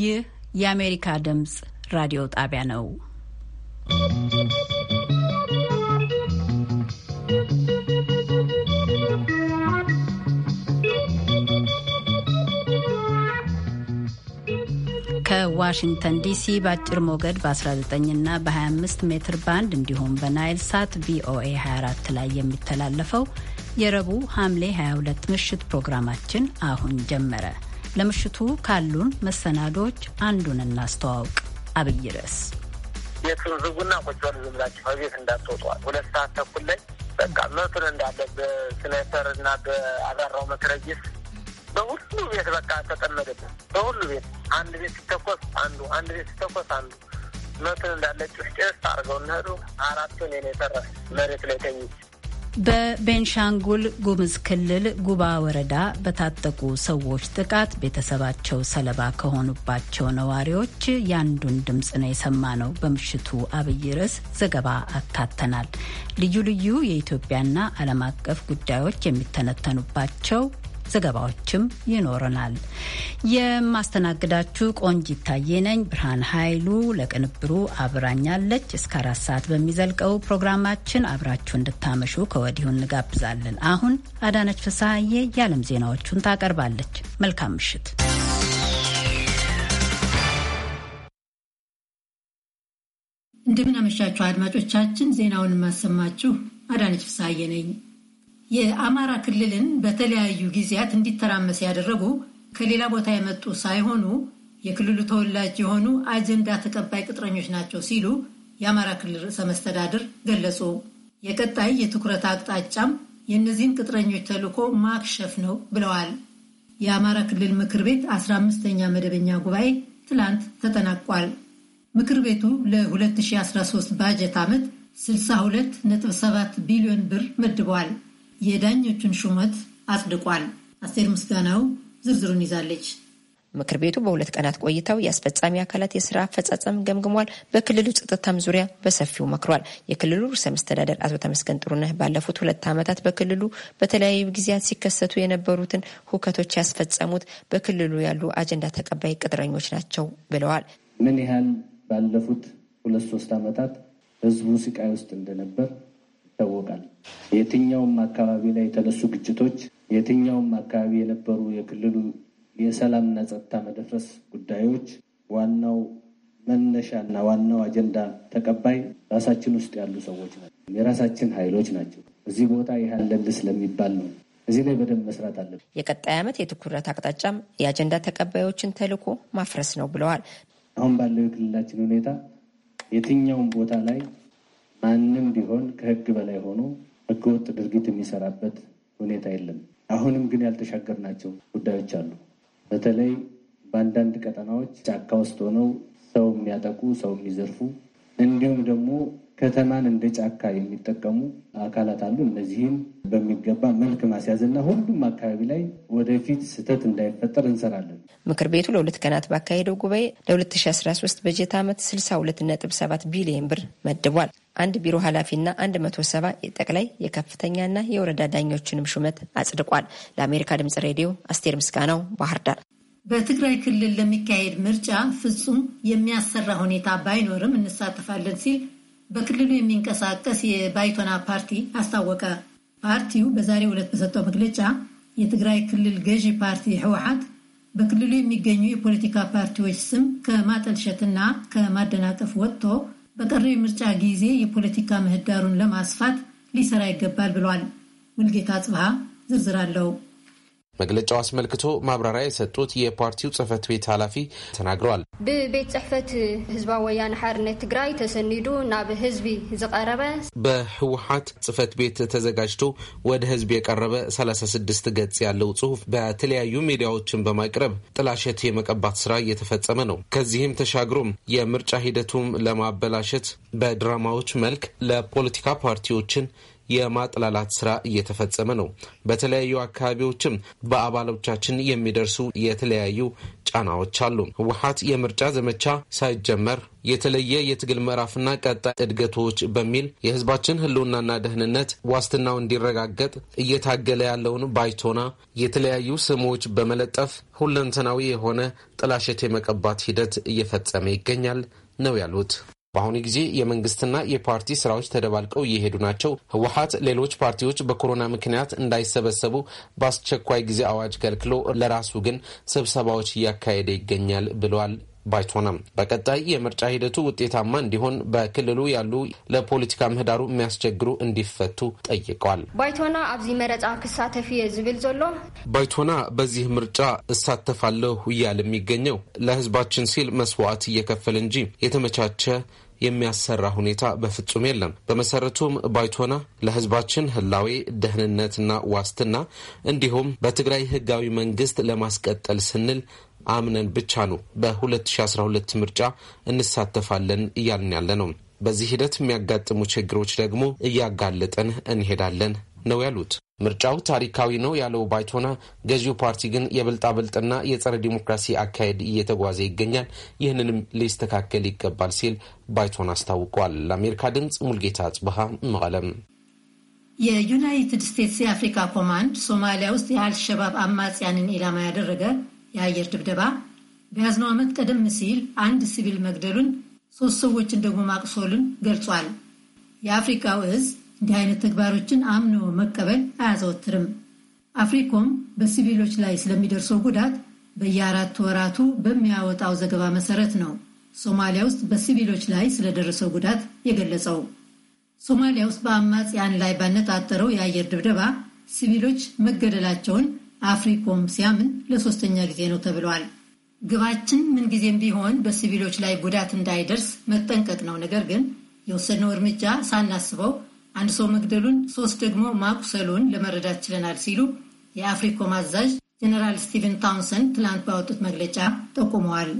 ይህ የአሜሪካ ድምፅ ራዲዮ ጣቢያ ነው። ከዋሽንግተን ዲሲ በአጭር ሞገድ በ19 ና በ25 ሜትር ባንድ እንዲሁም በናይል ሳት ቪኦኤ 24 ላይ የሚተላለፈው የረቡዕ ሐምሌ 22 ምሽት ፕሮግራማችን አሁን ጀመረ። ለምሽቱ ካሉን መሰናዶች አንዱን እናስተዋውቅ። አብይ ርዕስ ቤቱን ዝጉና ቁጭ በሉ ዝም ብላችሁ ከቤት እንዳትወጧል። ሁለት ሰዓት ተኩል ላይ በቃ መቱን እንዳለ በስናይፐር እና በአባራው መትረየስ በሁሉ ቤት በቃ ተጠመደብን። በሁሉ ቤት አንድ ቤት ሲተኮስ አንዱ አንድ ቤት ሲተኮስ አንዱ መቱን እንዳለ ጭፍጭፍ አርገው እነዱ አራቱን የኔ ተረፍ መሬት ላይ ተኝች በቤንሻንጉል ጉምዝ ክልል ጉባ ወረዳ በታጠቁ ሰዎች ጥቃት ቤተሰባቸው ሰለባ ከሆኑባቸው ነዋሪዎች ያንዱን ድምፅ ነው የሰማ ነው። በምሽቱ አብይ ርዕስ ዘገባ አካተናል። ልዩ ልዩ የኢትዮጵያና ዓለም አቀፍ ጉዳዮች የሚተነተኑባቸው ዘገባዎችም ይኖረናል። የማስተናግዳችሁ ቆንጅ ይታየነኝ ነኝ። ብርሃን ኃይሉ ለቅንብሩ አብራኛለች። እስከ አራት ሰዓት በሚዘልቀው ፕሮግራማችን አብራችሁ እንድታመሹ ከወዲሁ እንጋብዛለን። አሁን አዳነች ፍስሀዬ የዓለም ዜናዎቹን ታቀርባለች። መልካም ምሽት። እንደምን አመሻችሁ አድማጮቻችን። ዜናውን የማሰማችሁ አዳነች ፍስሀዬ ነኝ። የአማራ ክልልን በተለያዩ ጊዜያት እንዲተራመስ ያደረጉ ከሌላ ቦታ የመጡ ሳይሆኑ የክልሉ ተወላጅ የሆኑ አጀንዳ ተቀባይ ቅጥረኞች ናቸው ሲሉ የአማራ ክልል ርዕሰ መስተዳድር ገለጹ። የቀጣይ የትኩረት አቅጣጫም የእነዚህን ቅጥረኞች ተልዕኮ ማክሸፍ ነው ብለዋል። የአማራ ክልል ምክር ቤት 15ኛ መደበኛ ጉባኤ ትላንት ተጠናቋል። ምክር ቤቱ ለ2013 ባጀት ዓመት 62.7 ቢሊዮን ብር መድበዋል። የዳኞቹን ሹመት አጽድቋል። አስቴር ምስጋናው ዝርዝሩን ይዛለች። ምክር ቤቱ በሁለት ቀናት ቆይተው የአስፈጻሚ አካላት የስራ አፈጻጸም ገምግሟል። በክልሉ ጸጥታም ዙሪያ በሰፊው መክሯል። የክልሉ ርዕሰ መስተዳደር አቶ ተመስገን ጥሩነህ ባለፉት ሁለት ዓመታት በክልሉ በተለያዩ ጊዜያት ሲከሰቱ የነበሩትን ሁከቶች ያስፈጸሙት በክልሉ ያሉ አጀንዳ ተቀባይ ቅጥረኞች ናቸው ብለዋል። ምን ያህል ባለፉት ሁለት ሶስት ዓመታት ህዝቡ ስቃይ ውስጥ እንደነበር ይታወቃል። የትኛውም አካባቢ ላይ የተነሱ ግጭቶች፣ የትኛውም አካባቢ የነበሩ የክልሉ የሰላምና ጸጥታ መደፍረስ ጉዳዮች ዋናው መነሻና ዋናው አጀንዳ ተቀባይ ራሳችን ውስጥ ያሉ ሰዎች ናቸው፣ የራሳችን ኃይሎች ናቸው። እዚህ ቦታ ይህ ስለሚባል ነው። እዚህ ላይ በደንብ መስራት አለብን። የቀጣይ ዓመት የትኩረት አቅጣጫም የአጀንዳ ተቀባዮችን ተልዕኮ ማፍረስ ነው ብለዋል። አሁን ባለው የክልላችን ሁኔታ የትኛውም ቦታ ላይ ማንም ቢሆን ከህግ በላይ ሆኖ ህገወጥ ድርጊት የሚሰራበት ሁኔታ የለም። አሁንም ግን ያልተሻገርናቸው ጉዳዮች አሉ። በተለይ በአንዳንድ ቀጠናዎች ጫካ ውስጥ ሆነው ሰው የሚያጠቁ፣ ሰው የሚዘርፉ እንዲሁም ደግሞ ከተማን እንደ ጫካ የሚጠቀሙ አካላት አሉ። እነዚህም በሚገባ መልክ ማስያዝና ሁሉም አካባቢ ላይ ወደፊት ስህተት እንዳይፈጠር እንሰራለን። ምክር ቤቱ ለሁለት ቀናት ባካሄደው ጉባኤ ለ2013 በጀት ዓመት 62.7 ቢሊዮን ብር መድቧል። አንድ ቢሮ ኃላፊና 170 የጠቅላይ የከፍተኛና የወረዳ ዳኞችንም ሹመት አጽድቋል። ለአሜሪካ ድምጽ ሬዲዮ አስቴር ምስጋናው ባህር ዳር። በትግራይ ክልል ለሚካሄድ ምርጫ ፍጹም የሚያሰራ ሁኔታ ባይኖርም እንሳተፋለን ሲል በክልሉ የሚንቀሳቀስ የባይቶና ፓርቲ አስታወቀ። ፓርቲው በዛሬው ዕለት በሰጠው መግለጫ የትግራይ ክልል ገዢ ፓርቲ ህወሓት በክልሉ የሚገኙ የፖለቲካ ፓርቲዎች ስም ከማጠልሸትና ከማደናቀፍ ወጥቶ በቀሪው ምርጫ ጊዜ የፖለቲካ ምህዳሩን ለማስፋት ሊሰራ ይገባል ብሏል። ሙልጌታ ጽብሃ ዝርዝር አለው። መግለጫው አስመልክቶ ማብራሪያ የሰጡት የፓርቲው ጽህፈት ቤት ኃላፊ ተናግረዋል። ብቤት ጽሕፈት ህዝባዊ ወያነ ሓርነት ትግራይ ተሰኒዱ ናብ ህዝቢ ዝቀረበ በህወሓት ጽህፈት ቤት ተዘጋጅቶ ወደ ህዝብ የቀረበ 36 ገጽ ያለው ጽሁፍ በተለያዩ ሚዲያዎችን በማቅረብ ጥላሸት የመቀባት ስራ እየተፈጸመ ነው። ከዚህም ተሻግሮም የምርጫ ሂደቱም ለማበላሸት በድራማዎች መልክ ለፖለቲካ ፓርቲዎችን የማጥላላት ስራ እየተፈጸመ ነው። በተለያዩ አካባቢዎችም በአባሎቻችን የሚደርሱ የተለያዩ ጫናዎች አሉ። ህወሀት የምርጫ ዘመቻ ሳይጀመር የተለየ የትግል ምዕራፍና ቀጣይ እድገቶች በሚል የህዝባችን ህልውናና ደህንነት ዋስትናው እንዲረጋገጥ እየታገለ ያለውን ባይቶና የተለያዩ ስሞች በመለጠፍ ሁለንተናዊ የሆነ ጥላሸት የመቀባት ሂደት እየፈጸመ ይገኛል ነው ያሉት። በአሁኑ ጊዜ የመንግስትና የፓርቲ ስራዎች ተደባልቀው እየሄዱ ናቸው። ህወሀት ሌሎች ፓርቲዎች በኮሮና ምክንያት እንዳይሰበሰቡ በአስቸኳይ ጊዜ አዋጅ ከልክሎ ለራሱ ግን ስብሰባዎች እያካሄደ ይገኛል ብለዋል ባይቶናም በቀጣይ የምርጫ ሂደቱ ውጤታማ እንዲሆን በክልሉ ያሉ ለፖለቲካ ምህዳሩ የሚያስቸግሩ እንዲፈቱ ጠይቀዋል። ባይቶና አብዚህ መረጫ ክሳተፊ ዝብል ዘሎ ባይቶና በዚህ ምርጫ እሳተፋለሁ እያል የሚገኘው ለህዝባችን ሲል መስዋዕት እየከፈለ እንጂ የተመቻቸ የሚያሰራ ሁኔታ በፍጹም የለም። በመሰረቱም ባይቶና ለህዝባችን ህላዌ ደህንነትና ዋስትና እንዲሁም በትግራይ ህጋዊ መንግስት ለማስቀጠል ስንል አምነን ብቻ ነው በ2012 ምርጫ እንሳተፋለን እያልን ያለ ነው። በዚህ ሂደት የሚያጋጥሙ ችግሮች ደግሞ እያጋለጠን እንሄዳለን ነው ያሉት። ምርጫው ታሪካዊ ነው ያለው ባይቶና፣ ገዢው ፓርቲ ግን የብልጣብልጥና የጸረ ዲሞክራሲ አካሄድ እየተጓዘ ይገኛል፣ ይህንንም ሊስተካከል ይገባል ሲል ባይቶና አስታውቋል። ለአሜሪካ ድምፅ ሙልጌታ አጽብሃ መቀለም። የዩናይትድ ስቴትስ የአፍሪካ ኮማንድ ሶማሊያ ውስጥ የአልሸባብ አማጽያንን ኢላማ ያደረገ የአየር ድብደባ በያዝነው ዓመት ቀደም ሲል አንድ ሲቪል መግደሉን ሶስት ሰዎችን ደግሞ ማቁሰሉን ገልጿል። የአፍሪካው እዝ እንዲህ አይነት ተግባሮችን አምኖ መቀበል አያዘወትርም። አፍሪኮም በሲቪሎች ላይ ስለሚደርሰው ጉዳት በየአራት ወራቱ በሚያወጣው ዘገባ መሰረት ነው ሶማሊያ ውስጥ በሲቪሎች ላይ ስለደረሰው ጉዳት የገለጸው። ሶማሊያ ውስጥ በአማጽያን ላይ ባነጣጠረው የአየር ድብደባ ሲቪሎች መገደላቸውን አፍሪኮም ሲያምን ለሶስተኛ ጊዜ ነው ተብሏል። ግባችን ምንጊዜም ቢሆን በሲቪሎች ላይ ጉዳት እንዳይደርስ መጠንቀቅ ነው። ነገር ግን የወሰድነው እርምጃ ሳናስበው አንድ ሰው መግደሉን፣ ሶስት ደግሞ ማቁሰሉን ለመረዳት ችለናል ሲሉ የአፍሪኮም አዛዥ ጀነራል ስቲቨን ታውንሰን ትላንት ባወጡት መግለጫ ጠቁመዋል።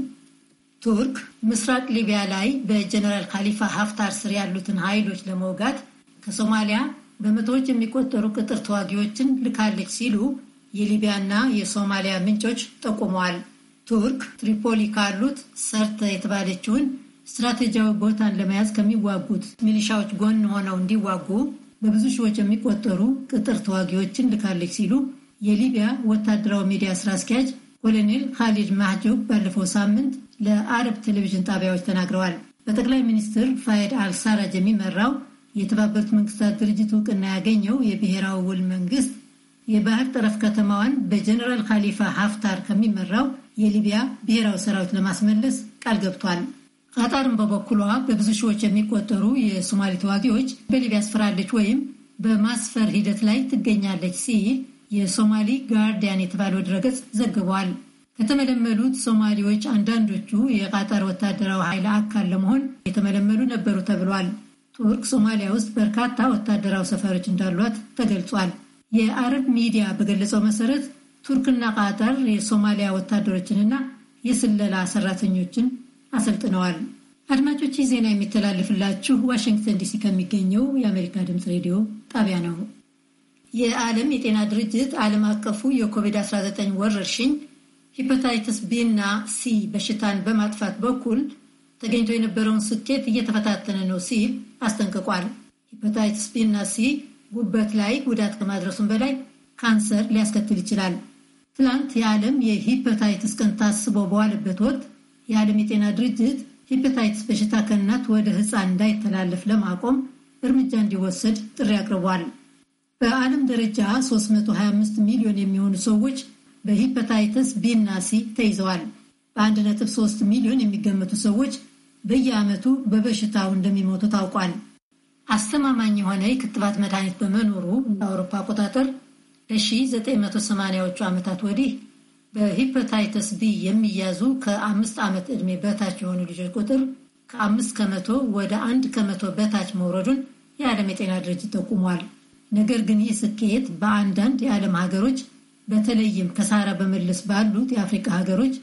ቱርክ ምስራቅ ሊቢያ ላይ በጀነራል ካሊፋ ሀፍታር ስር ያሉትን ኃይሎች ለመውጋት ከሶማሊያ በመቶዎች የሚቆጠሩ ቅጥር ተዋጊዎችን ልካለች ሲሉ የሊቢያና የሶማሊያ ምንጮች ጠቁመዋል። ቱርክ ትሪፖሊ ካሉት ሰርተ የተባለችውን ስትራቴጂያዊ ቦታን ለመያዝ ከሚዋጉት ሚሊሻዎች ጎን ሆነው እንዲዋጉ በብዙ ሺዎች የሚቆጠሩ ቅጥር ተዋጊዎችን ልካለች ሲሉ የሊቢያ ወታደራዊ ሚዲያ ስራ አስኪያጅ ኮሎኔል ካሊድ ማህጆብ ባለፈው ሳምንት ለአረብ ቴሌቪዥን ጣቢያዎች ተናግረዋል። በጠቅላይ ሚኒስትር ፋየድ አልሳራጅ የሚመራው የተባበሩት መንግስታት ድርጅት እውቅና ያገኘው የብሔራዊ ውል መንግስት የባህር ጠረፍ ከተማዋን በጀኔራል ካሊፋ ሀፍታር ከሚመራው የሊቢያ ብሔራዊ ሰራዊት ለማስመለስ ቃል ገብቷል። ቀጣርም በበኩሏ በብዙ ሺዎች የሚቆጠሩ የሶማሌ ተዋጊዎች በሊቢያ አስፈራለች ወይም በማስፈር ሂደት ላይ ትገኛለች ሲል የሶማሊ ጋርዲያን የተባለው ድረገጽ ዘግቧል። ከተመለመሉት ሶማሌዎች አንዳንዶቹ የቃጣር ወታደራዊ ኃይል አካል ለመሆን የተመለመሉ ነበሩ ተብሏል። ቱርክ ሶማሊያ ውስጥ በርካታ ወታደራዊ ሰፈሮች እንዳሏት ተገልጿል። የአረብ ሚዲያ በገለጸው መሰረት ቱርክና ቃጠር የሶማሊያ ወታደሮችንና የስለላ ሰራተኞችን አሰልጥነዋል። አድማጮች ይህ ዜና የሚተላለፍላችሁ ዋሽንግተን ዲሲ ከሚገኘው የአሜሪካ ድምፅ ሬዲዮ ጣቢያ ነው። የዓለም የጤና ድርጅት ዓለም አቀፉ የኮቪድ-19 ወረርሽኝ ሂፐታይትስ ቢ እና ሲ በሽታን በማጥፋት በኩል ተገኝቶ የነበረውን ስኬት እየተፈታተነ ነው ሲል አስጠንቅቋል። ሂፐታይትስ ቢ እና ሲ ጉበት ላይ ጉዳት ከማድረሱም በላይ ካንሰር ሊያስከትል ይችላል። ትላንት የዓለም የሂፐታይትስ ቀን ታስቦ በዋለበት ወቅት የዓለም የጤና ድርጅት ሂፐታይትስ በሽታ ከእናት ወደ ሕፃን እንዳይተላለፍ ለማቆም እርምጃ እንዲወሰድ ጥሪ አቅርቧል። በዓለም ደረጃ 325 ሚሊዮን የሚሆኑ ሰዎች በሂፐታይትስ ቢና ሲ ተይዘዋል። በ1.3 ሚሊዮን የሚገመቱ ሰዎች በየዓመቱ በበሽታው እንደሚሞቱ ታውቋል። አስተማማኝ የሆነ የክትባት መድኃኒት በመኖሩ እንደ አውሮፓ አቆጣጠር ከ1980ዎቹ ዓመታት ወዲህ በሂፐታይተስ ቢ የሚያዙ ከአምስት ዓመት ዕድሜ በታች የሆኑ ልጆች ቁጥር ከአምስት ከመቶ ወደ አንድ ከመቶ በታች መውረዱን የዓለም የጤና ድርጅት ጠቁሟል። ነገር ግን ይህ ስኬት በአንዳንድ የዓለም ሀገሮች በተለይም ከሳራ በመለስ ባሉት የአፍሪካ ሀገሮች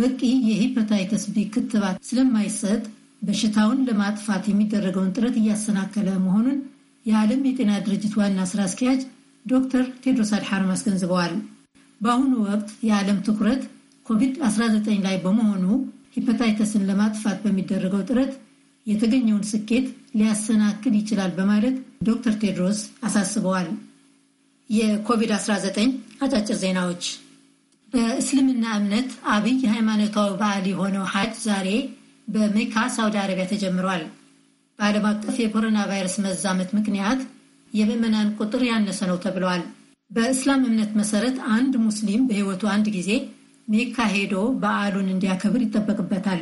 በቂ የሂፐታይተስ ቢ ክትባት ስለማይሰጥ በሽታውን ለማጥፋት የሚደረገውን ጥረት እያሰናከለ መሆኑን የዓለም የጤና ድርጅት ዋና ስራ አስኪያጅ ዶክተር ቴድሮስ አድሓኖም አስገንዝበዋል። በአሁኑ ወቅት የዓለም ትኩረት ኮቪድ-19 ላይ በመሆኑ ሂፐታይተስን ለማጥፋት በሚደረገው ጥረት የተገኘውን ስኬት ሊያሰናክል ይችላል በማለት ዶክተር ቴድሮስ አሳስበዋል። የኮቪድ-19 አጫጭር ዜናዎች። በእስልምና እምነት አብይ ሃይማኖታዊ በዓል የሆነው ሀጅ ዛሬ በሜካ ሳውዲ አረቢያ ተጀምሯል። በዓለም አቀፍ የኮሮና ቫይረስ መዛመት ምክንያት የምዕመናን ቁጥር ያነሰ ነው ተብለዋል። በእስላም እምነት መሰረት አንድ ሙስሊም በሕይወቱ አንድ ጊዜ ሜካ ሄዶ በዓሉን እንዲያከብር ይጠበቅበታል።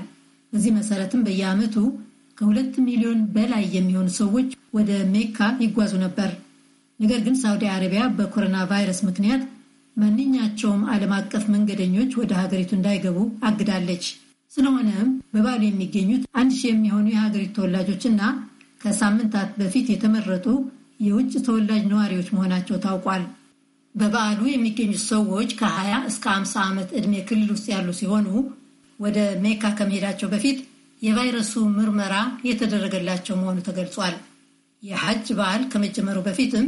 በዚህ መሰረትም በየዓመቱ ከሁለት ሚሊዮን በላይ የሚሆኑ ሰዎች ወደ ሜካ ይጓዙ ነበር። ነገር ግን ሳውዲ አረቢያ በኮሮና ቫይረስ ምክንያት ማንኛቸውም ዓለም አቀፍ መንገደኞች ወደ ሀገሪቱ እንዳይገቡ አግዳለች። ስለሆነም በባህል የሚገኙት አንድ ሺህ የሚሆኑ የሀገሪቱ እና ከሳምንታት በፊት የተመረጡ የውጭ ተወላጅ ነዋሪዎች መሆናቸው ታውቋል። በበዓሉ የሚገኙት ሰዎች ከ20 እስከ 50 ዓመት ዕድሜ ክልል ውስጥ ያሉ ሲሆኑ ወደ ሜካ ከመሄዳቸው በፊት የቫይረሱ ምርመራ የተደረገላቸው መሆኑ ተገልጿል። የሐጅ በዓል ከመጀመሩ በፊትም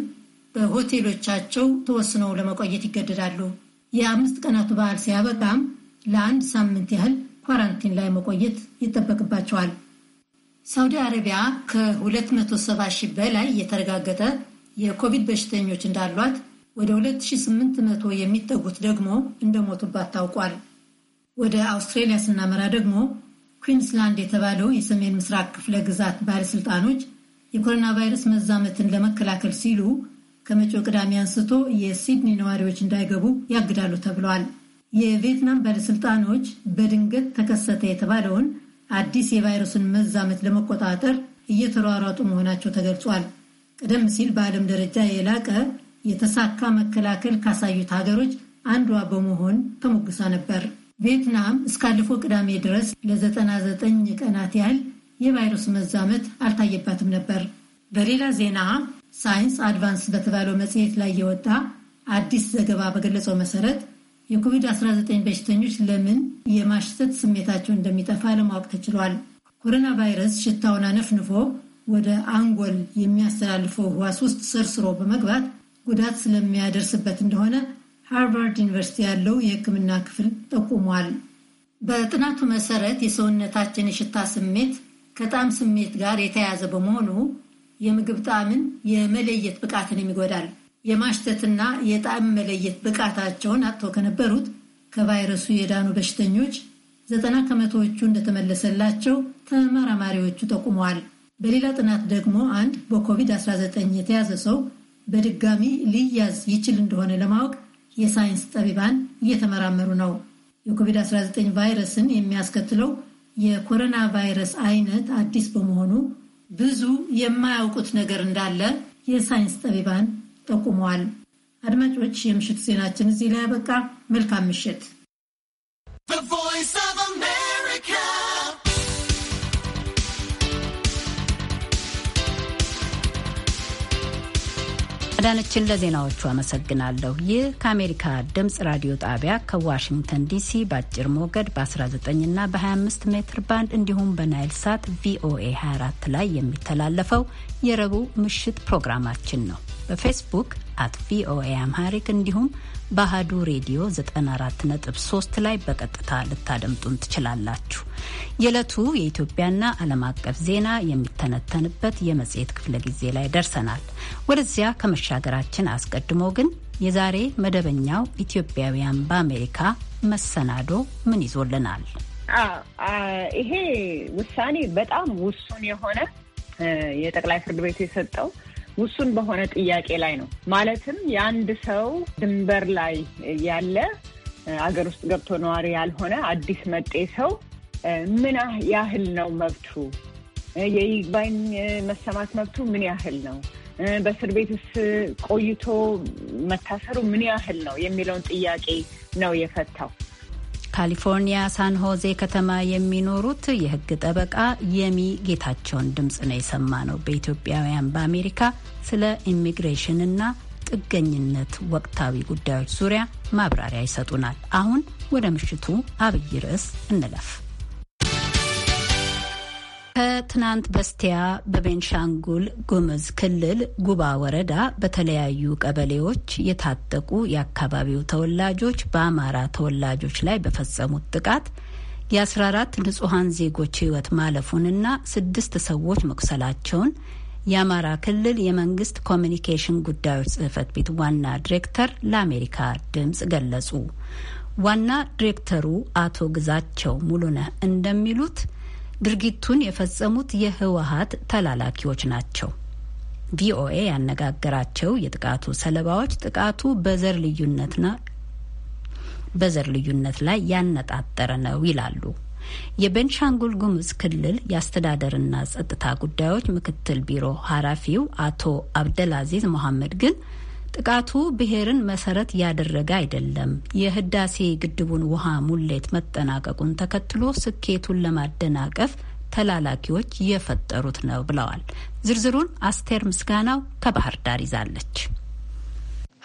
በሆቴሎቻቸው ተወስነው ለመቆየት ይገደዳሉ። የአምስት ቀናቱ በዓል ሲያበቃም ለአንድ ሳምንት ያህል ኳራንቲን ላይ መቆየት ይጠበቅባቸዋል። ሳውዲ አረቢያ ከ270 ሺህ በላይ የተረጋገጠ የኮቪድ በሽተኞች እንዳሏት ወደ 2800 የሚጠጉት ደግሞ እንደሞቱባት ታውቋል። ወደ አውስትሬሊያ ስናመራ ደግሞ ኩዊንስላንድ የተባለው የሰሜን ምስራቅ ክፍለ ግዛት ባለሥልጣኖች የኮሮና ቫይረስ መዛመትን ለመከላከል ሲሉ ከመጪው ቅዳሜ አንስቶ የሲድኒ ነዋሪዎች እንዳይገቡ ያግዳሉ ተብለዋል። የቪየትናም ባለሥልጣኖች በድንገት ተከሰተ የተባለውን አዲስ የቫይረሱን መዛመት ለመቆጣጠር እየተሯሯጡ መሆናቸው ተገልጿል። ቀደም ሲል በዓለም ደረጃ የላቀ የተሳካ መከላከል ካሳዩት ሀገሮች አንዷ በመሆን ተሞግሳ ነበር። ቪየትናም እስካለፈው ቅዳሜ ድረስ ለ99 ቀናት ያህል የቫይረስ መዛመት አልታየባትም ነበር። በሌላ ዜና ሳይንስ አድቫንስ በተባለው መጽሔት ላይ የወጣ አዲስ ዘገባ በገለጸው መሰረት የኮቪድ-19 በሽተኞች ለምን የማሽተት ስሜታቸው እንደሚጠፋ ለማወቅ ተችሏል። ኮሮና ቫይረስ ሽታውን አነፍንፎ ወደ አንጎል የሚያስተላልፈው ህዋስ ውስጥ ሰርስሮ በመግባት ጉዳት ስለሚያደርስበት እንደሆነ ሃርቫርድ ዩኒቨርሲቲ ያለው የሕክምና ክፍል ጠቁሟል። በጥናቱ መሰረት የሰውነታችን የሽታ ስሜት ከጣዕም ስሜት ጋር የተያያዘ በመሆኑ የምግብ ጣዕምን የመለየት ብቃትን ይጎዳል። የማሽተትና የጣዕም መለየት ብቃታቸውን አጥተው ከነበሩት ከቫይረሱ የዳኑ በሽተኞች ዘጠና ከመቶዎቹ እንደተመለሰላቸው ተመራማሪዎቹ ጠቁመዋል። በሌላ ጥናት ደግሞ አንድ በኮቪድ-19 የተያዘ ሰው በድጋሚ ሊያዝ ይችል እንደሆነ ለማወቅ የሳይንስ ጠቢባን እየተመራመሩ ነው። የኮቪድ-19 ቫይረስን የሚያስከትለው የኮሮና ቫይረስ አይነት አዲስ በመሆኑ ብዙ የማያውቁት ነገር እንዳለ የሳይንስ ጠቢባን ጠቁመዋል። አድማጮች፣ የምሽት ዜናችን እዚህ ላይ ያበቃ። መልካም ምሽት። አዳነችን ለዜናዎቹ አመሰግናለሁ። ይህ ከአሜሪካ ድምፅ ራዲዮ ጣቢያ ከዋሽንግተን ዲሲ በአጭር ሞገድ በ19 እና በ25 ሜትር ባንድ እንዲሁም በናይል ሳት ቪኦኤ 24 ላይ የሚተላለፈው የረቡዕ ምሽት ፕሮግራማችን ነው። በፌስቡክ አት ቪኦኤ አምሃሪክ እንዲሁም በአሀዱ ሬዲዮ 94.3 ላይ በቀጥታ ልታደምጡን ትችላላችሁ። የዕለቱ የኢትዮጵያና ዓለም አቀፍ ዜና የሚተነተንበት የመጽሔት ክፍለ ጊዜ ላይ ደርሰናል። ወደዚያ ከመሻገራችን አስቀድሞ ግን የዛሬ መደበኛው ኢትዮጵያውያን በአሜሪካ መሰናዶ ምን ይዞልናል? ይሄ ውሳኔ በጣም ውሱን የሆነ የጠቅላይ ፍርድ ቤቱ የሰጠው ውሱን በሆነ ጥያቄ ላይ ነው። ማለትም የአንድ ሰው ድንበር ላይ ያለ አገር ውስጥ ገብቶ ነዋሪ ያልሆነ አዲስ መጤ ሰው ምን ያህል ነው መብቱ? የይግባኝ መሰማት መብቱ ምን ያህል ነው? በእስር ቤትስ ቆይቶ መታሰሩ ምን ያህል ነው የሚለውን ጥያቄ ነው የፈታው። ካሊፎርኒያ ሳን ሆዜ ከተማ የሚኖሩት የህግ ጠበቃ የሚ ጌታቸውን ድምፅ ነው የሰማ ነው። በኢትዮጵያውያን በአሜሪካ ስለ ኢሚግሬሽንና ጥገኝነት ወቅታዊ ጉዳዮች ዙሪያ ማብራሪያ ይሰጡናል። አሁን ወደ ምሽቱ አብይ ርዕስ እንለፍ። ከትናንት በስቲያ በቤንሻንጉል ጉምዝ ክልል ጉባ ወረዳ በተለያዩ ቀበሌዎች የታጠቁ የአካባቢው ተወላጆች በአማራ ተወላጆች ላይ በፈጸሙት ጥቃት የ14 ንጹሐን ዜጎች ሕይወት ማለፉንና ስድስት ሰዎች መቁሰላቸውን የአማራ ክልል የመንግስት ኮሚኒኬሽን ጉዳዮች ጽህፈት ቤት ዋና ዲሬክተር ለአሜሪካ ድምፅ ገለጹ። ዋና ዲሬክተሩ አቶ ግዛቸው ሙሉነህ እንደሚሉት ድርጊቱን የፈጸሙት የህወሀት ተላላኪዎች ናቸው። ቪኦኤ ያነጋገራቸው የጥቃቱ ሰለባዎች ጥቃቱ በዘር ልዩነትና በዘር ልዩነት ላይ ያነጣጠረ ነው ይላሉ። የቤንሻንጉል ጉሙዝ ክልል የአስተዳደርና ጸጥታ ጉዳዮች ምክትል ቢሮ ኃላፊው አቶ አብደልአዚዝ መሐመድ ግን ጥቃቱ ብሔርን መሰረት ያደረገ አይደለም። የህዳሴ ግድቡን ውሃ ሙሌት መጠናቀቁን ተከትሎ ስኬቱን ለማደናቀፍ ተላላኪዎች የፈጠሩት ነው ብለዋል። ዝርዝሩን አስቴር ምስጋናው ከባህር ዳር ይዛለች።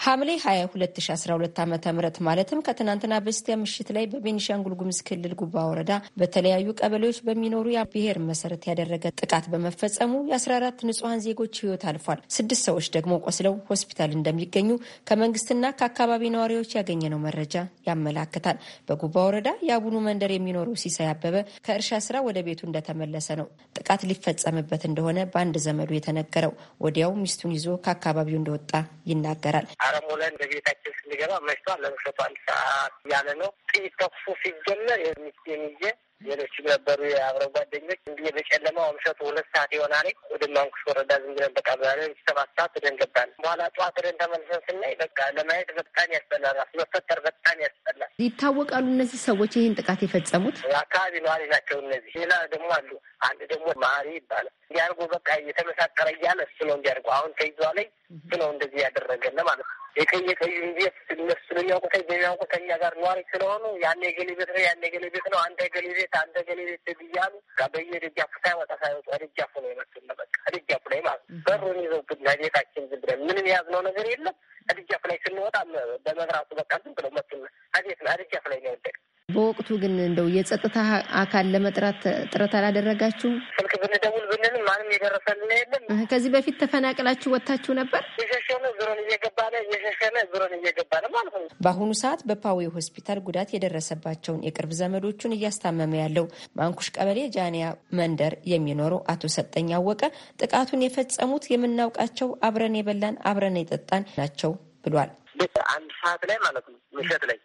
ሐምሌ 22 2012 ዓ ም ማለትም ከትናንትና በስቲያ ምሽት ላይ በቤኒሻንጉል ጉሙዝ ክልል ጉባ ወረዳ በተለያዩ ቀበሌዎች በሚኖሩ ብሔር መሰረት ያደረገ ጥቃት በመፈጸሙ የ14 ንጹሐን ዜጎች ህይወት አልፏል። ስድስት ሰዎች ደግሞ ቆስለው ሆስፒታል እንደሚገኙ ከመንግስትና ከአካባቢ ነዋሪዎች ያገኘነው መረጃ ያመላክታል። በጉባ ወረዳ የአቡኑ መንደር የሚኖረው ሲሳይ አበበ ከእርሻ ስራ ወደ ቤቱ እንደተመለሰ ነው ጥቃት ሊፈጸምበት እንደሆነ በአንድ ዘመዱ የተነገረው። ወዲያው ሚስቱን ይዞ ከአካባቢው እንደወጣ ይናገራል። አረሞ ላይ እንደ ቤታችን ስንገባ መሽቷል። ለምሽቱ አንድ ሰዓት ያለ ነው። ጥይት ተኩሱ ሲጀመር የሚዜ ሌሎችም ነበሩ የአብረው ጓደኞች እንዲህ በጨለማው አምሸቱ ሁለት ሰዓት ይሆናል። ወደ ማንኩስ ወረዳ ዝም ብለን በቃ ብላለን ሰባት ሰዓት ወደን ገባን። በኋላ ጠዋት ወደን ተመልሰን ስናይ በቃ ለማየት በጣም ያስጠላል። መፈጠር በጣም ያስጠላል። ይታወቃሉ እነዚህ ሰዎች ይህን ጥቃት የፈጸሙት አካባቢ ነዋሪ ናቸው። እነዚህ ሌላ ደግሞ አሉ። አንድ ደግሞ ማሪ ይባላል። እንዲያርጎ በቃ እየተመሳቀረ እያለ እሱ ነው እንዲያርጎ አሁን ከይዟ ላይ እሱ ነው እንደዚህ ያደረገን ማለት ነው። የቀይ ቀይ ቤት እነሱ በሚያውቁ በሚያውቁት ከኛ ጋር ነዋሪ ስለሆኑ ያን የገሌ ቤት ነው ያን የገሌ ቤት ነው አንተ የገሌ ቤት ቤት አንደ ገሌ ቤት ብያሉ በየደጃፉ ሳይወጣ ሳይወጡ ደጃፉ ነው የመጡን። በቃ ደጃፉ ላይ ማለት በሩን ይዘውብን ቤታችን ዝም ብለን ምንም የያዝነው ነገር የለም። ደጃፉ ላይ ስንወጣ በመብራቱ በቃ ዝም ብለው መጡን። አቤት ነው ደጃፉ ላይ ነው የወደቅ። በወቅቱ ግን እንደው የጸጥታ አካል ለመጥራት ጥረት አላደረጋችሁም? ስልክ ብንደውል ብንልም ማንም የደረሰልን የለም። ከዚህ በፊት ተፈናቅላችሁ ወጥታችሁ ነበር? እግሩን እየገባ ነ እየሸሸነ እግሩን እየገባ ነ ማለት ነው። በአሁኑ ሰዓት በፓዌ ሆስፒታል ጉዳት የደረሰባቸውን የቅርብ ዘመዶቹን እያስታመመ ያለው ማንኩሽ ቀበሌ ጃንያ መንደር የሚኖረው አቶ ሰጠኝ አወቀ ጥቃቱን የፈጸሙት የምናውቃቸው አብረን የበላን አብረን የጠጣን ናቸው ብሏል። አንድ ሰዓት ላይ ማለት ነው ምሸት ላይ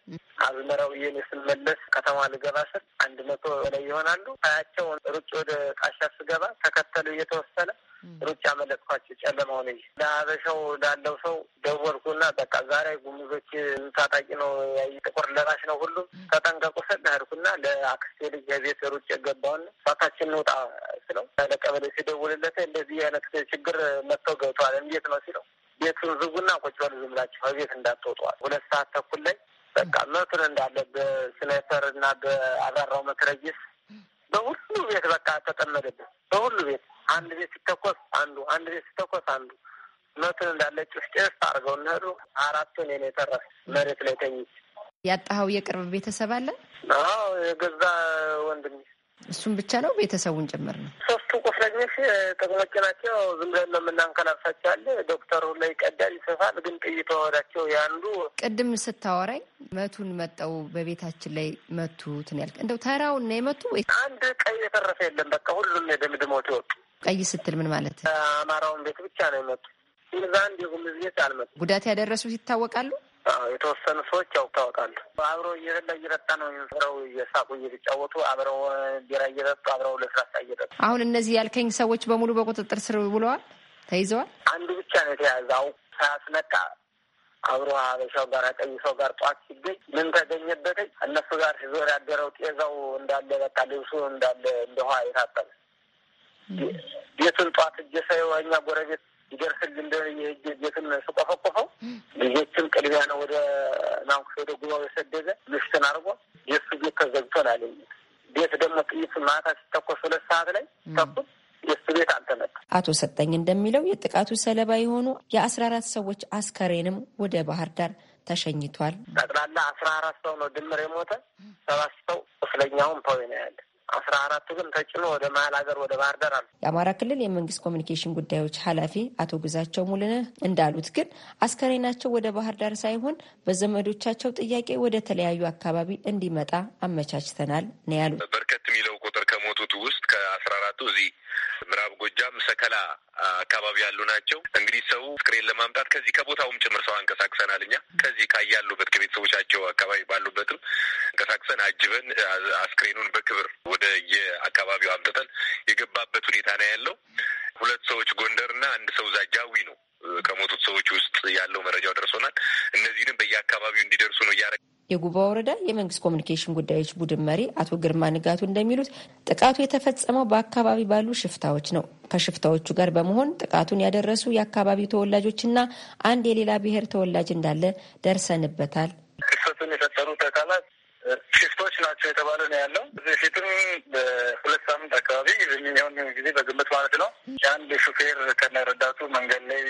አዝመራው ይህን ስመለስ ከተማ ልገባ ስል አንድ መቶ በላይ ይሆናሉ ታያቸው ሩጭ ወደ ቃሻ ስገባ ተከተሉ እየተወሰነ ሩጫ መለጥኳቸው ጨለማውን እንጂ ለሀበሻው ላለው ሰው ደወልኩና በቃ ዛሬ ጉሙዞች ታጣቂ ነው ጥቁር ለራሽ ነው ሁሉም ተጠንቀቁ ስል ሄድኩና ለአክስቴ ልጅ የቤት ሩጭ ገባውን እባካችን እንውጣ ስለው ለቀበሌ ሲደውልለት እንደዚህ አይነት ችግር መጥተው ገብተዋል እንዴት ነው ሲለው ቤቱን ዝጉና ቁጭ በሉ ዝም ብላችሁ ከቤት እንዳትወጧል ሁለት ሰዓት ተኩል ላይ በቃ መቱን እንዳለ በስናይፐር እና በአበራው መትረየስ በሁሉ ቤት በቃ ተጠመደብን በሁሉ ቤት አንድ ቤት ሲተኮስ አንዱ አንድ ቤት ሲተኮስ አንዱ መቱን እንዳለ ጭስ ጭስ አድርገው እንሄዱ አራቱን የኔ የተረፍ መሬት ላይ ተኝች። ያጣኸው የቅርብ ቤተሰብ አለ? አዎ የገዛ ወንድሜ። እሱም ብቻ ነው ቤተሰቡን ጭምር ነው። ሶስቱ ቁስለኞች ጥቅሞች ናቸው። ዝም ብለን ነው የምናንከላፍሳቸው አለ ዶክተሩ ላይ ቀዳል ይሰፋል፣ ግን ጥይት ወዳቸው ያንዱ ቅድም ስታወራኝ መቱን መጠው በቤታችን ላይ መቱትን ያልክ እንደው ተራውን ነው የመቱ ወይ? አንድ ቀይ የተረፈ የለም። በቃ ሁሉም የደምድሞት ይወጡ ቀይ ስትል ምን ማለት? አማራውን ቤት ብቻ ነው የመጡ እዛ እንዲሁም ቤት አልመጡ። ጉዳት ያደረሱት ይታወቃሉ። የተወሰኑ ሰዎች ያው ይታወቃሉ። አብረው እየበላ እየጠጣ ነው አብረው እየሳቁ እየተጫወቱ አብረው ቢራ እየጠጡ አብረው ለስላሳ እየጠጡ አሁን እነዚህ ያልከኝ ሰዎች በሙሉ በቁጥጥር ስር ውለዋል፣ ተይዘዋል። አንዱ ብቻ ነው የተያዘ አው ሳያስነቃ አብሮ ሀበሻው ጋር ቀይ ሰው ጋር ጠዋት ሲገኝ ምን ተገኘበት እነሱ ጋር ሲዞር ያደረው ጤዛው እንዳለ በቃ ልብሱ እንዳለ እንደ ውሃ የታጠበ ቤቱን ጧት እጀሳዩ እኛ ጎረቤት ይደርስል እንደሆነ የህጅ ቤትን ስቆፈቆፈው ልጆችም ቅድሚያ ነው ወደ ናንኩስ ወደ ጉባው የሰደዘ ምሽትን አድርጎ የእሱ ቤት ተዘግቶን አለኝ። ቤት ደግሞ ጥይት ማታ ሲተኮስ ሁለት ሰዓት ላይ ተኩስ የእሱ ቤት አልተመጣም። አቶ ሰጠኝ እንደሚለው የጥቃቱ ሰለባ የሆኑ የአስራ አራት ሰዎች አስከሬንም ወደ ባህር ዳር ተሸኝቷል። ጠቅላላ አስራ አራት ሰው ነው ድምር የሞተ ሰባት ሰው ቁስለኛውም ተወይ ነው ያለ አስራ አራቱ ግን ተጭኖ ወደ መሀል ሀገር ወደ ባህር ዳር አሉ። የአማራ ክልል የመንግስት ኮሚኒኬሽን ጉዳዮች ኃላፊ አቶ ግዛቸው ሙልነ እንዳሉት ግን አስከሬናቸው ወደ ባህር ዳር ሳይሆን በዘመዶቻቸው ጥያቄ ወደ ተለያዩ አካባቢ እንዲመጣ አመቻችተናል ነው ያሉት። በርከት የሚለው ቁጥር ከሞቱት ውስጥ ከአስራ አራቱ እዚህ ምዕራብ ጎጃም ሰከላ አካባቢ ያሉ ናቸው። እንግዲህ ሰው አስክሬን ለማምጣት ከዚህ ከቦታውም ጭምር ሰው አንቀሳቅሰናል። እኛ ከዚህ ካያሉበት ከቤተሰቦቻቸው አካባቢ ባሉበትም አንቀሳቅሰን አጅበን አስክሬኑን በክብር ወደ የአካባቢው አምጥተን የገባበት ሁኔታ ነው ያለው። ሁለት ሰዎች ጎንደርና አንድ ሰው ዛጃዊ ነው ከሞቱት ሰዎች ውስጥ ያለው መረጃው ደርሶናል። እነዚህንም በየአካባቢው እንዲደርሱ ነው እያደረግን የጉባ ወረዳ የመንግስት ኮሚኒኬሽን ጉዳዮች ቡድን መሪ አቶ ግርማ ንጋቱ እንደሚሉት ጥቃቱ የተፈጸመው በአካባቢ ባሉ ሽፍታዎች ነው። ከሽፍታዎቹ ጋር በመሆን ጥቃቱን ያደረሱ የአካባቢው ተወላጆችና አንድ የሌላ ብሔር ተወላጅ እንዳለ ደርሰንበታል። ክስተቱን የፈጠሩት አካላት ሽፍቶች ናቸው የተባለ ነው ያለው። እዚህ ፊትም በሁለት ሳምንት አካባቢ የሚሆን ጊዜ በግምት ማለት ነው የአንድ ሹፌር ከነረዳቱ መንገድ ላይ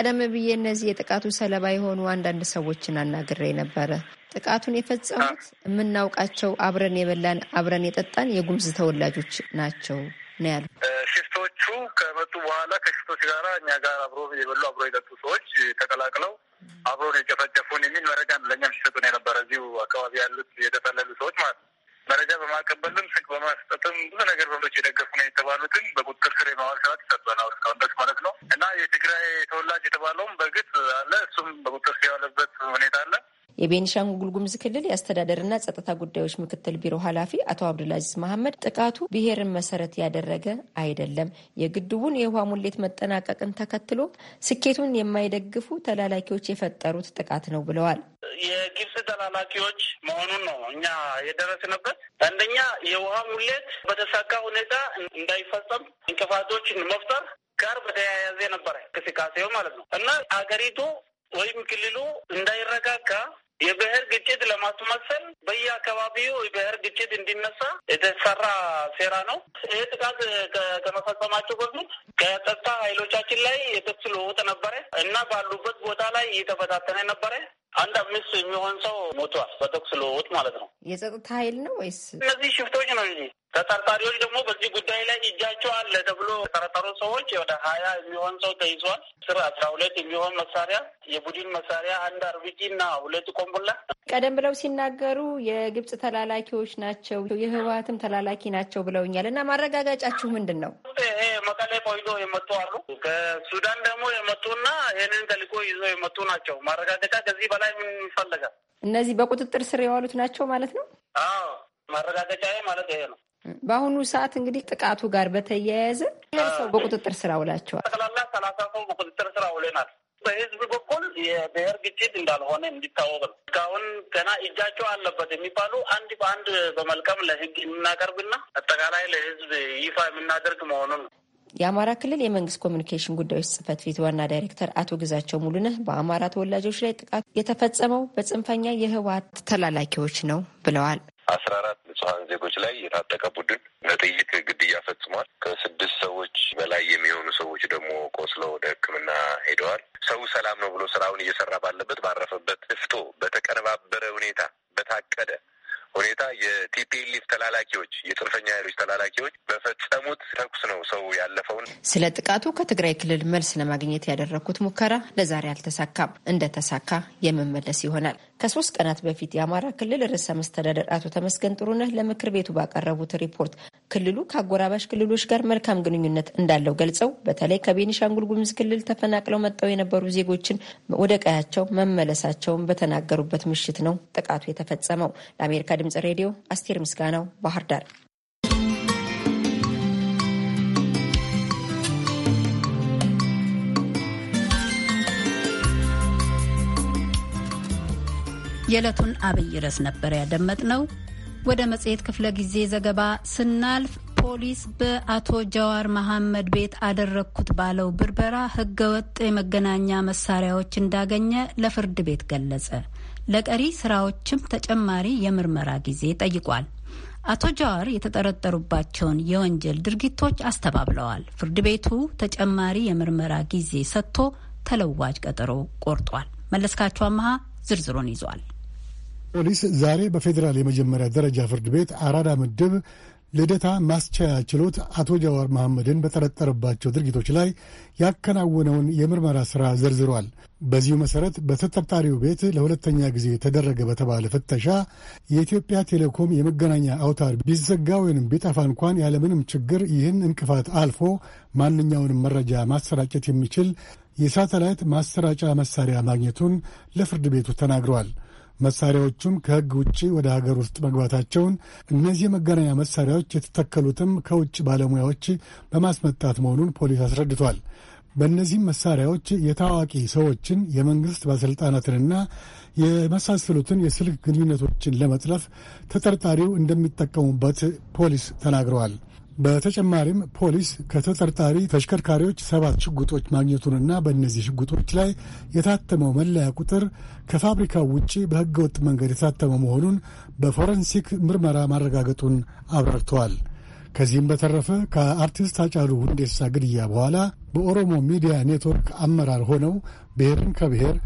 ቀደም ብዬ እነዚህ የጥቃቱ ሰለባ የሆኑ አንዳንድ ሰዎችን አናግሬ ነበረ። ጥቃቱን የፈጸሙት የምናውቃቸው አብረን የበላን አብረን የጠጣን የጉምዝ ተወላጆች ናቸው ነው ያሉ። ሽፍቶቹ ከመጡ በኋላ ከሽፍቶች ጋራ እኛ ጋር አብሮ የበሉ አብሮ የጠጡ ሰዎች ተቀላቅለው አብሮን የጨፈጨፉን የሚል መረጃ ለእኛም ሲሰጡን የነበረ እዚሁ አካባቢ ያሉት የተጠለሉ ሰዎች ማለት ነው። መረጃ በማቀበልም ስንቅ በማስጠትም ብዙ ነገር በሎች የደገፉ ነው የተባሉትን በቁ የቤኒሻንጉል ጉሙዝ ክልል የአስተዳደርና ጸጥታ ጉዳዮች ምክትል ቢሮ ኃላፊ አቶ አብዱልአዚዝ መሐመድ ጥቃቱ ብሔርን መሰረት ያደረገ አይደለም፣ የግድቡን የውሃ ሙሌት መጠናቀቅን ተከትሎ ስኬቱን የማይደግፉ ተላላኪዎች የፈጠሩት ጥቃት ነው ብለዋል። የግብጽ ተላላኪዎች መሆኑን ነው እኛ የደረስንበት። አንደኛ የውሃ ሙሌት በተሳካ ሁኔታ እንዳይፈጸም እንቅፋቶችን መፍጠር ጋር በተያያዘ ነበረ እንቅስቃሴው ማለት ነው እና አገሪቱ ወይም ክልሉ እንዳይረጋጋ የብሔር ግጭት ለማስመሰል በየአካባቢው የብሔር ግጭት እንዲነሳ የተሰራ ሴራ ነው። ይህ ጥቃት ከመፈጸማቸው በፊት ከጸጥታ ኃይሎቻችን ላይ የተኩስ ልውውጥ ነበረ እና ባሉበት ቦታ ላይ እየተበታተነ ነበረ። አንድ አምስት የሚሆን ሰው ሞቷል። በተኩስ ልውውጥ ማለት ነው። የጸጥታ ኃይል ነው ወይስ እነዚህ ሽፍቶች ነው እንጂ ተጠርጣሪዎች ደግሞ በዚህ ጉዳይ ላይ እጃቸው አለ ተብሎ የተጠረጠሩ ሰዎች ወደ ሀያ የሚሆን ሰው ተይዟል። ስር አስራ ሁለት የሚሆን መሳሪያ የቡድን መሳሪያ አንድ አርቢጂ እና ሁለት ቆምቡላ ቀደም ብለው ሲናገሩ የግብጽ ተላላኪዎች ናቸው የህወሀትም ተላላኪ ናቸው ብለውኛል እና ማረጋጋጫችሁ ምንድን ነው? ይሄ መቀሌ ቆይቶ የመጡ አሉ። ከሱዳን ደግሞ የመጡና ይህንን ተልእኮ ይዞ የመጡ ናቸው። ማረጋገጫ ከዚህ በላይ ምን ይፈለጋል? እነዚህ በቁጥጥር ስር የዋሉት ናቸው ማለት ነው። አዎ ማረጋገጫ ማለት ይሄ ነው። በአሁኑ ሰዓት እንግዲህ ጥቃቱ ጋር በተያያዘ ሰው በቁጥጥር ስራ ውላቸዋል። ጠቅላላ ሰላሳ ሰው በቁጥጥር ስራ አውለናል። በህዝብ በኩል የብሔር ግጭት እንዳልሆነ እንዲታወቅ ነው። እስካሁን ገና እጃቸው አለበት የሚባሉ አንድ በአንድ በመልቀም ለህግ የምናቀርብና አጠቃላይ ለህዝብ ይፋ የምናደርግ መሆኑን ነው። የአማራ ክልል የመንግስት ኮሚኒኬሽን ጉዳዮች ጽህፈት ቤት ዋና ዳይሬክተር አቶ ግዛቸው ሙሉነህ በአማራ ተወላጆች ላይ ጥቃት የተፈጸመው በጽንፈኛ የህወሀት ተላላኪዎች ነው ብለዋል። አስራ ንጹሐን ዜጎች ላይ የታጠቀ ቡድን በጥይት ግድያ ፈጽሟል። ከስድስት ሰዎች በላይ የሚሆኑ ሰዎች ደግሞ ቆስለው ወደ ሕክምና ሄደዋል። ሰው ሰላም ነው ብሎ ስራውን እየሰራ ባለበት ባረፈበት እፍቶ በተቀነባበረ ሁኔታ በታቀደ ሁኔታ የቲፒኤልኤፍ ተላላኪዎች የጽንፈኛ ኃይሎች ተላላኪዎች በፈጸሙት ተኩስ ነው ሰው ያለፈውን። ስለ ጥቃቱ ከትግራይ ክልል መልስ ለማግኘት ያደረግኩት ሙከራ ለዛሬ አልተሳካም። እንደተሳካ የመመለስ ይሆናል። ከሶስት ቀናት በፊት የአማራ ክልል ርዕሰ መስተዳደር አቶ ተመስገን ጥሩነህ ለምክር ቤቱ ባቀረቡት ሪፖርት ክልሉ ከአጎራባሽ ክልሎች ጋር መልካም ግንኙነት እንዳለው ገልጸው በተለይ ከቤኒሻንጉል ጉሙዝ ክልል ተፈናቅለው መጥተው የነበሩ ዜጎችን ወደ ቀያቸው መመለሳቸውን በተናገሩበት ምሽት ነው ጥቃቱ የተፈጸመው። ለአሜሪካ ድምጽ ሬዲዮ አስቴር ምስጋናው ባህር ዳር። የዕለቱን አብይ ርዕስ ነበር ያደመጥነው። ወደ መጽሔት ክፍለ ጊዜ ዘገባ ስናልፍ ፖሊስ በአቶ ጀዋር መሐመድ ቤት አደረግኩት ባለው ብርበራ ህገወጥ የመገናኛ መሳሪያዎች እንዳገኘ ለፍርድ ቤት ገለጸ። ለቀሪ ስራዎችም ተጨማሪ የምርመራ ጊዜ ጠይቋል። አቶ ጃዋር የተጠረጠሩባቸውን የወንጀል ድርጊቶች አስተባብለዋል። ፍርድ ቤቱ ተጨማሪ የምርመራ ጊዜ ሰጥቶ ተለዋጭ ቀጠሮ ቆርጧል። መለስካቸው አመሃ ዝርዝሩን ይዟል። ፖሊስ ዛሬ በፌዴራል የመጀመሪያ ደረጃ ፍርድ ቤት አራዳ ምድብ ልደታ ማስቻያ ችሎት አቶ ጃዋር መሐመድን በጠረጠረባቸው ድርጊቶች ላይ ያከናወነውን የምርመራ ሥራ ዘርዝሯል። በዚሁ መሠረት በተጠርጣሪው ቤት ለሁለተኛ ጊዜ ተደረገ በተባለ ፍተሻ የኢትዮጵያ ቴሌኮም የመገናኛ አውታር ቢዘጋ ወይም ቢጠፋ እንኳን ያለምንም ችግር ይህን እንቅፋት አልፎ ማንኛውንም መረጃ ማሰራጨት የሚችል የሳተላይት ማሰራጫ መሣሪያ ማግኘቱን ለፍርድ ቤቱ ተናግረዋል። መሳሪያዎቹም ከህግ ውጭ ወደ ሀገር ውስጥ መግባታቸውን፣ እነዚህ የመገናኛ መሳሪያዎች የተተከሉትም ከውጭ ባለሙያዎች በማስመጣት መሆኑን ፖሊስ አስረድቷል። በእነዚህም መሳሪያዎች የታዋቂ ሰዎችን የመንግሥት ባለሥልጣናትንና የመሳሰሉትን የስልክ ግንኙነቶችን ለመጥለፍ ተጠርጣሪው እንደሚጠቀሙበት ፖሊስ ተናግረዋል። በተጨማሪም ፖሊስ ከተጠርጣሪ ተሽከርካሪዎች ሰባት ሽጉጦች ማግኘቱንና በእነዚህ ሽጉጦች ላይ የታተመው መለያ ቁጥር ከፋብሪካው ውጭ በህገወጥ መንገድ የታተመ መሆኑን በፎረንሲክ ምርመራ ማረጋገጡን አብራርተዋል። ከዚህም በተረፈ ከአርቲስት አጫሉ ሁንዴሳ ግድያ በኋላ በኦሮሞ ሚዲያ ኔትወርክ አመራር ሆነው ብሔርን ከብሔር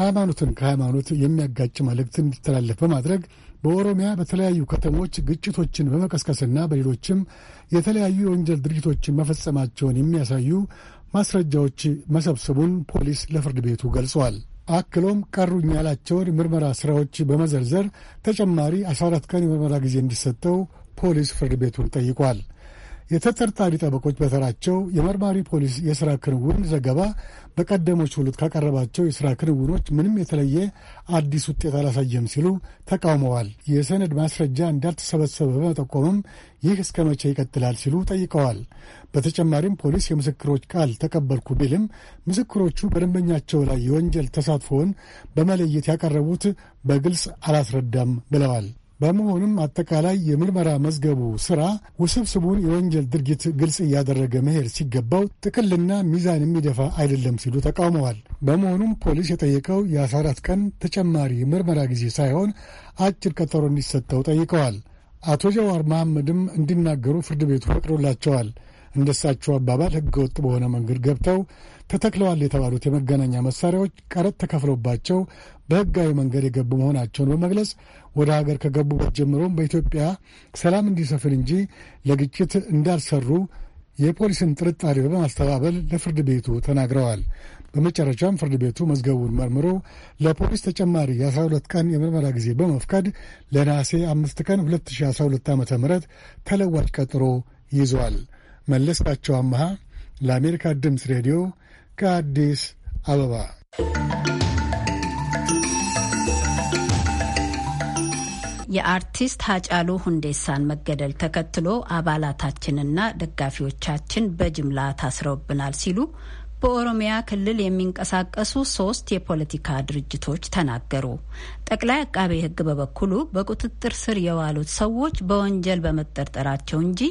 ሃይማኖትን ከሃይማኖት የሚያጋጭ መልእክት እንዲተላለፍ በማድረግ በኦሮሚያ በተለያዩ ከተሞች ግጭቶችን በመቀስቀስና በሌሎችም የተለያዩ የወንጀል ድርጊቶችን መፈጸማቸውን የሚያሳዩ ማስረጃዎች መሰብሰቡን ፖሊስ ለፍርድ ቤቱ ገልጿል። አክሎም ቀሩኝ ያላቸውን ምርመራ ስራዎች በመዘርዘር ተጨማሪ 14 ቀን የምርመራ ጊዜ እንዲሰጠው ፖሊስ ፍርድ ቤቱን ጠይቋል። የተጠርጣሪ ጠበቆች በተራቸው የመርማሪ ፖሊስ የሥራ ክንውን ዘገባ በቀደመው ችሎት ካቀረባቸው የሥራ ክንውኖች ምንም የተለየ አዲስ ውጤት አላሳየም ሲሉ ተቃውመዋል። የሰነድ ማስረጃ እንዳልተሰበሰበ በመጠቆምም ይህ እስከ መቼ ይቀጥላል ሲሉ ጠይቀዋል። በተጨማሪም ፖሊስ የምስክሮች ቃል ተቀበልኩ ቢልም ምስክሮቹ በደንበኛቸው ላይ የወንጀል ተሳትፎውን በመለየት ያቀረቡት በግልጽ አላስረዳም ብለዋል። በመሆኑም አጠቃላይ የምርመራ መዝገቡ ስራ ውስብስቡን የወንጀል ድርጊት ግልጽ እያደረገ መሄድ ሲገባው ጥቅልና ሚዛን የሚደፋ አይደለም ሲሉ ተቃውመዋል። በመሆኑም ፖሊስ የጠየቀው የ14 ቀን ተጨማሪ ምርመራ ጊዜ ሳይሆን አጭር ቀጠሮ እንዲሰጠው ጠይቀዋል። አቶ ጀዋር መሐመድም እንዲናገሩ ፍርድ ቤቱ ፈቅዶላቸዋል። እንደሳቸው አባባል ህገወጥ በሆነ መንገድ ገብተው ተተክለዋል የተባሉት የመገናኛ መሳሪያዎች ቀረጥ ተከፍሎባቸው በህጋዊ መንገድ የገቡ መሆናቸውን በመግለጽ ወደ ሀገር ከገቡበት ጀምሮም በኢትዮጵያ ሰላም እንዲሰፍን እንጂ ለግጭት እንዳልሰሩ የፖሊስን ጥርጣሬ በማስተባበል ለፍርድ ቤቱ ተናግረዋል። በመጨረሻም ፍርድ ቤቱ መዝገቡን መርምሮ ለፖሊስ ተጨማሪ የ12 ቀን የምርመራ ጊዜ በመፍቀድ ለነሐሴ አምስት ቀን 2012 ዓ ም ተለዋጭ ቀጠሮ ይዟል። መለስካቸው አመሃ ለአሜሪካ ድምፅ ሬዲዮ ከአዲስ አበባ የአርቲስት ሀጫሉ ሁንዴሳን መገደል ተከትሎ አባላታችንና ደጋፊዎቻችን በጅምላ ታስረውብናል ሲሉ በኦሮሚያ ክልል የሚንቀሳቀሱ ሶስት የፖለቲካ ድርጅቶች ተናገሩ። ጠቅላይ አቃቤ ሕግ በበኩሉ በቁጥጥር ስር የዋሉት ሰዎች በወንጀል በመጠርጠራቸው እንጂ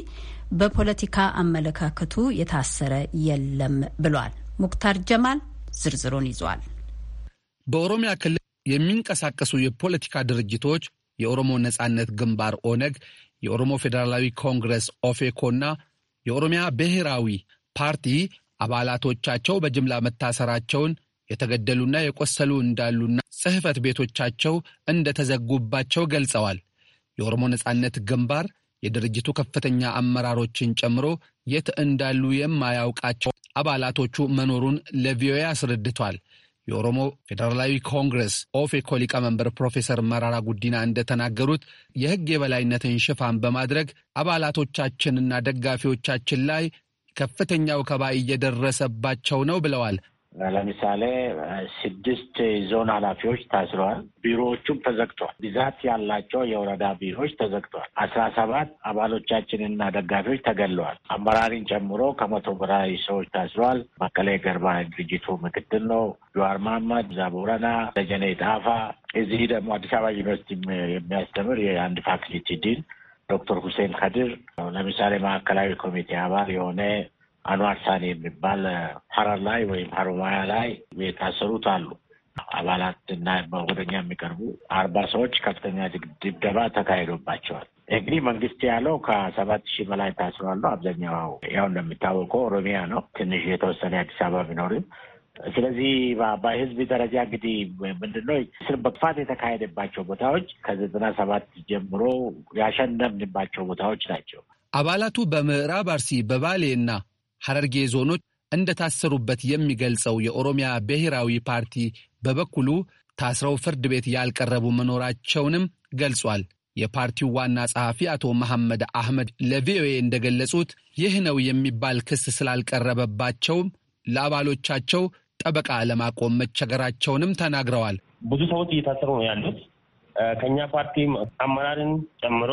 በፖለቲካ አመለካከቱ የታሰረ የለም ብሏል። ሙክታር ጀማል ዝርዝሩን ይዟል። በኦሮሚያ ክልል የሚንቀሳቀሱ የፖለቲካ ድርጅቶች የኦሮሞ ነጻነት ግንባር ኦነግ፣ የኦሮሞ ፌዴራላዊ ኮንግረስ ኦፌኮና የኦሮሚያ ብሔራዊ ፓርቲ አባላቶቻቸው በጅምላ መታሰራቸውን የተገደሉና የቆሰሉ እንዳሉና ጽሕፈት ቤቶቻቸው እንደተዘጉባቸው ገልጸዋል። የኦሮሞ ነጻነት ግንባር የድርጅቱ ከፍተኛ አመራሮችን ጨምሮ የት እንዳሉ የማያውቃቸው አባላቶቹ መኖሩን ለቪኦኤ አስረድቷል። የኦሮሞ ፌዴራላዊ ኮንግረስ ኦፌኮ ሊቀመንበር ፕሮፌሰር መራራ ጉዲና እንደተናገሩት የሕግ የበላይነትን ሽፋን በማድረግ አባላቶቻችንና ደጋፊዎቻችን ላይ ከፍተኛ ውከባ እየደረሰባቸው ነው ብለዋል። ለምሳሌ ስድስት ዞን ኃላፊዎች ታስረዋል። ቢሮዎቹም ተዘግተዋል። ብዛት ያላቸው የወረዳ ቢሮዎች ተዘግተዋል። አስራ ሰባት አባሎቻችንና ደጋፊዎች ተገለዋል። አመራሪን ጨምሮ ከመቶ በላይ ሰዎች ታስረዋል። መቀሌ ገርባ ድርጅቱ ምክትል ነው። ጀዋር መሀመድ ዛቡረና፣ ደጀኔ ጣፋ እዚህ ደግሞ አዲስ አበባ ዩኒቨርሲቲ የሚያስተምር የአንድ ፋክልቲ ዲን ዶክተር ሁሴን ከድር ለምሳሌ ማዕከላዊ ኮሚቴ አባል የሆነ አንዋር ሳኔ የሚባል ሀረር ላይ ወይም ሀሮማያ ላይ የታሰሩት አሉ። አባላት እና ወደኛ የሚቀርቡ አርባ ሰዎች ከፍተኛ ድብደባ ተካሂዶባቸዋል። እንግዲህ መንግስት ያለው ከሰባት ሺህ በላይ ታስሯሉ። አብዛኛው ያው እንደሚታወቀው ኦሮሚያ ነው፣ ትንሽ የተወሰነ አዲስ አበባ ቢኖርም ስለዚህ በህዝብ ደረጃ እንግዲህ ምንድነው ስር በክፋት የተካሄደባቸው ቦታዎች ከዘጠና ሰባት ጀምሮ ያሸነፍንባቸው ቦታዎች ናቸው። አባላቱ በምዕራብ አርሲ በባሌ እና ሐረርጌ ዞኖች እንደታሰሩበት የሚገልጸው የኦሮሚያ ብሔራዊ ፓርቲ በበኩሉ ታስረው ፍርድ ቤት ያልቀረቡ መኖራቸውንም ገልጿል። የፓርቲው ዋና ጸሐፊ አቶ መሐመድ አህመድ ለቪኦኤ እንደገለጹት ይህ ነው የሚባል ክስ ስላልቀረበባቸውም ለአባሎቻቸው ጠበቃ ለማቆም መቸገራቸውንም ተናግረዋል። ብዙ ሰዎች እየታሰሩ ነው ያሉት ከእኛ ፓርቲም አመራርን ጨምሮ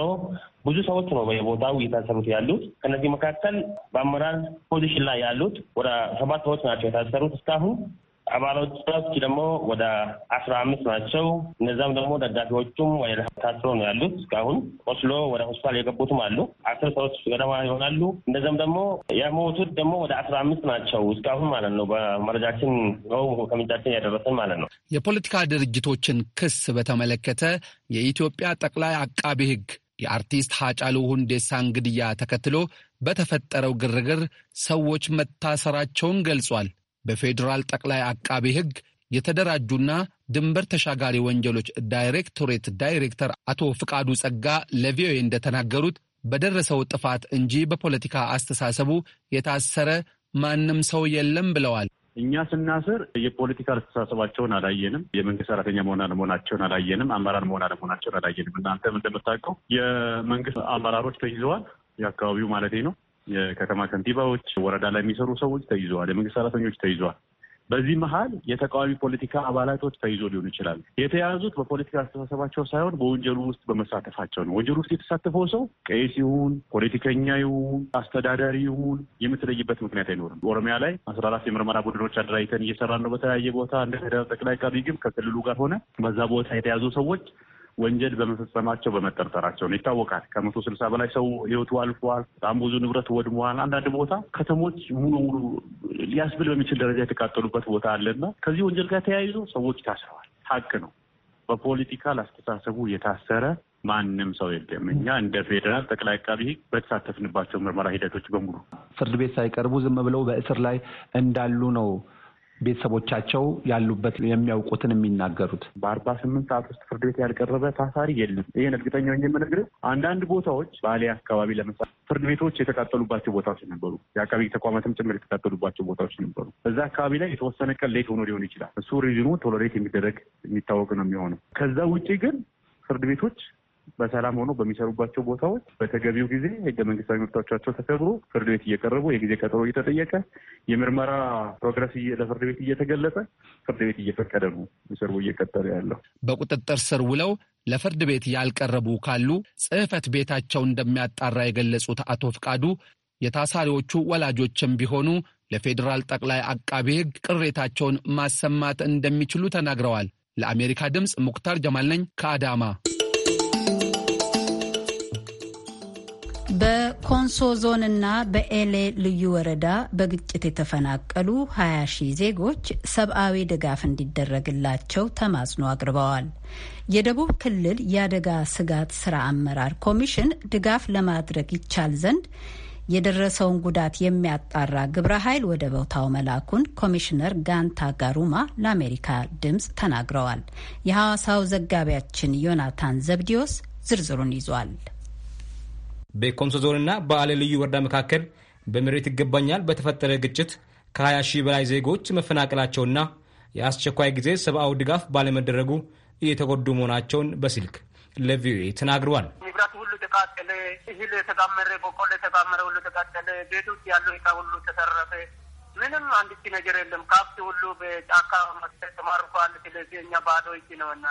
ብዙ ሰዎች ነው በየቦታው እየታሰሩት ያሉት። ከነዚህ መካከል በአመራር ፖዚሽን ላይ ያሉት ወደ ሰባት ሰዎች ናቸው የታሰሩት እስካሁን አባሎች ደግሞ ወደ አስራ አምስት ናቸው። እነዛም ደግሞ ደጋፊዎቹም ወደ ታስሮ ነው ያሉት። እስካሁን ቆስሎ ወደ ሆስፒታል የገቡትም አሉ አስር ሰዎች ገደማ ይሆናሉ። እነዚም ደግሞ የሞቱት ደግሞ ወደ አስራ አምስት ናቸው እስካሁን ማለት ነው። በመረጃችን ነው ከምንጫችን ያደረሰን ማለት ነው። የፖለቲካ ድርጅቶችን ክስ በተመለከተ የኢትዮጵያ ጠቅላይ አቃቤ ሕግ የአርቲስት ሀጫሉ ሁንዴሳን ግድያ ተከትሎ በተፈጠረው ግርግር ሰዎች መታሰራቸውን ገልጿል። በፌዴራል ጠቅላይ አቃቤ ሕግ የተደራጁና ድንበር ተሻጋሪ ወንጀሎች ዳይሬክቶሬት ዳይሬክተር አቶ ፍቃዱ ጸጋ ለቪኦኤ እንደተናገሩት በደረሰው ጥፋት እንጂ በፖለቲካ አስተሳሰቡ የታሰረ ማንም ሰው የለም ብለዋል። እኛ ስናስር የፖለቲካ አስተሳሰባቸውን አላየንም። የመንግስት ሰራተኛ መሆን አለመሆናቸውን አላየንም። አመራር መሆን አለመሆናቸውን አላየንም። እናንተም እንደምታውቀው የመንግስት አመራሮች ተይዘዋል። የአካባቢው ማለት ነው። የከተማ ከንቲባዎች፣ ወረዳ ላይ የሚሰሩ ሰዎች ተይዘዋል። የመንግስት ሰራተኞች ተይዘዋል። በዚህ መሀል የተቃዋሚ ፖለቲካ አባላቶች ተይዞ ሊሆን ይችላል። የተያዙት በፖለቲካ አስተሳሰባቸው ሳይሆን በወንጀሉ ውስጥ በመሳተፋቸው ነው። ወንጀሉ ውስጥ የተሳተፈው ሰው ቄስ ይሁን ፖለቲከኛ ይሁን አስተዳዳሪ ይሁን የምትለይበት ምክንያት አይኖርም። ኦሮሚያ ላይ አስራ አራት የምርመራ ቡድኖች አደራጅተን እየሰራን ነው። በተለያየ ቦታ እንደ ጠቅላይ አቃቢ ሕግም ከክልሉ ጋር ሆነ በዛ ቦታ የተያዙ ሰዎች ወንጀል በመፈጸማቸው በመጠርጠራቸው ነው ይታወቃል። ከመቶ ስልሳ በላይ ሰው ህይወቱ አልፏል። በጣም ብዙ ንብረት ወድመዋል። አንዳንድ ቦታ ከተሞች ሙሉ ሙሉ ሊያስብል በሚችል ደረጃ የተቃጠሉበት ቦታ አለና ከዚህ ወንጀል ጋር ተያይዞ ሰዎች ታስረዋል። ሀቅ ነው። በፖለቲካል አስተሳሰቡ የታሰረ ማንም ሰው የለም። እኛ እንደ ፌዴራል ጠቅላይ አቃቢ በተሳተፍንባቸው ምርመራ ሂደቶች በሙሉ ፍርድ ቤት ሳይቀርቡ ዝም ብለው በእስር ላይ እንዳሉ ነው ቤተሰቦቻቸው ያሉበት የሚያውቁትን የሚናገሩት። በአርባ ስምንት ሰዓት ውስጥ ፍርድ ቤት ያልቀረበ ታሳሪ የለም። ይህን እርግጠኛ ሆኜ የምነግርህ አንዳንድ ቦታዎች ባሌ አካባቢ ለምሳሌ ፍርድ ቤቶች የተቃጠሉባቸው ቦታዎች ነበሩ። የአካባቢ ተቋማትም ጭምር የተቃጠሉባቸው ቦታዎች ነበሩ። እዛ አካባቢ ላይ የተወሰነ ቀን ሌት ሆኖ ሊሆን ይችላል። እሱ ሪዝኑ ቶሎሬት የሚደረግ የሚታወቅ ነው የሚሆነው። ከዛ ውጭ ግን ፍርድ ቤቶች በሰላም ሆኖ በሚሰሩባቸው ቦታዎች በተገቢው ጊዜ ህገ መንግስታዊ መብቶቻቸው ተከብሮ ፍርድ ቤት እየቀረቡ የጊዜ ቀጠሮ እየተጠየቀ የምርመራ ፕሮግረስ ለፍርድ ቤት እየተገለጸ ፍርድ ቤት እየፈቀደ ነው ሚሰርቡ እየቀጠለ ያለው። በቁጥጥር ስር ውለው ለፍርድ ቤት ያልቀረቡ ካሉ ጽህፈት ቤታቸው እንደሚያጣራ የገለጹት አቶ ፍቃዱ የታሳሪዎቹ ወላጆችም ቢሆኑ ለፌዴራል ጠቅላይ አቃቤ ህግ ቅሬታቸውን ማሰማት እንደሚችሉ ተናግረዋል። ለአሜሪካ ድምፅ ሙክታር ጀማል ነኝ ከአዳማ። በኮንሶ ዞንና በኤሌ ልዩ ወረዳ በግጭት የተፈናቀሉ 20 ሺህ ዜጎች ሰብአዊ ድጋፍ እንዲደረግላቸው ተማጽኖ አቅርበዋል። የደቡብ ክልል የአደጋ ስጋት ስራ አመራር ኮሚሽን ድጋፍ ለማድረግ ይቻል ዘንድ የደረሰውን ጉዳት የሚያጣራ ግብረ ኃይል ወደ ቦታው መላኩን ኮሚሽነር ጋንታ ጋሩማ ለአሜሪካ ድምፅ ተናግረዋል። የሐዋሳው ዘጋቢያችን ዮናታን ዘብዲዮስ ዝርዝሩን ይዟል። በኮንሶ ዞንና በአሌ ልዩ ወረዳ መካከል በመሬት ይገባኛል በተፈጠረ ግጭት ከ20 ሺህ በላይ ዜጎች መፈናቀላቸውና የአስቸኳይ ጊዜ ሰብአዊ ድጋፍ ባለመደረጉ እየተጎዱ መሆናቸውን በስልክ ለቪኦኤ ተናግረዋል። ንብረት ሁሉ ተቃጠለ፣ እህል የተጋመረ፣ በቆሎ የተጋመረ ሁሉ ተቃጠለ። ቤት ውስጥ ያለው እቃ ሁሉ ተሰረፈ። ምንም አንዲት ነገር የለም። ከብት ሁሉ በጫካ መሰ ተማርኳል። ስለዚህ እኛ ባዶ እጅ ነውና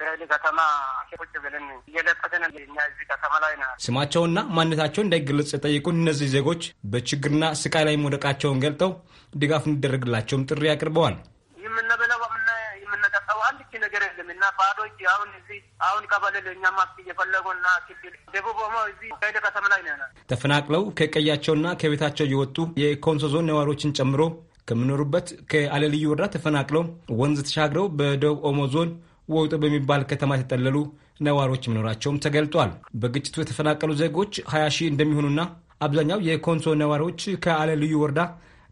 ብራይሌ ከተማ ቁጭ ብለን እየለቀትን እኛ እዚህ ከተማ ላይ ነ ስማቸውና ማንነታቸው እንዳይገለጽ የጠየቁን እነዚህ ዜጎች በችግርና ስቃይ ላይ መውደቃቸውን ገልጠው ድጋፍ እንዲደረግላቸውም ጥሪ አቅርበዋል። የምንበላው የምንጠጣው አንድች ነገር የለም እና ባዶ እጅ አሁን እዚህ አሁን ቀበሌ ለእኛ ማፍት እየፈለጉና ክልል ደቡብ ኦሞ እዚህ ብራይሌ ከተማ ላይ ነ ተፈናቅለው ከቀያቸውና ከቤታቸው እየወጡ የኮንሶ ዞን ነዋሪዎችን ጨምሮ ከምኖሩበት ከአለልዩ ወረዳ ተፈናቅለው ወንዝ ተሻግረው በደቡብ ኦሞ ዞን ወውጥ በሚባል ከተማ የተጠለሉ ነዋሪዎች መኖራቸውም ተገልጧል። በግጭቱ የተፈናቀሉ ዜጎች 20 ሺህ እንደሚሆኑና አብዛኛው የኮንሶ ነዋሪዎች ከአለ ልዩ ወረዳ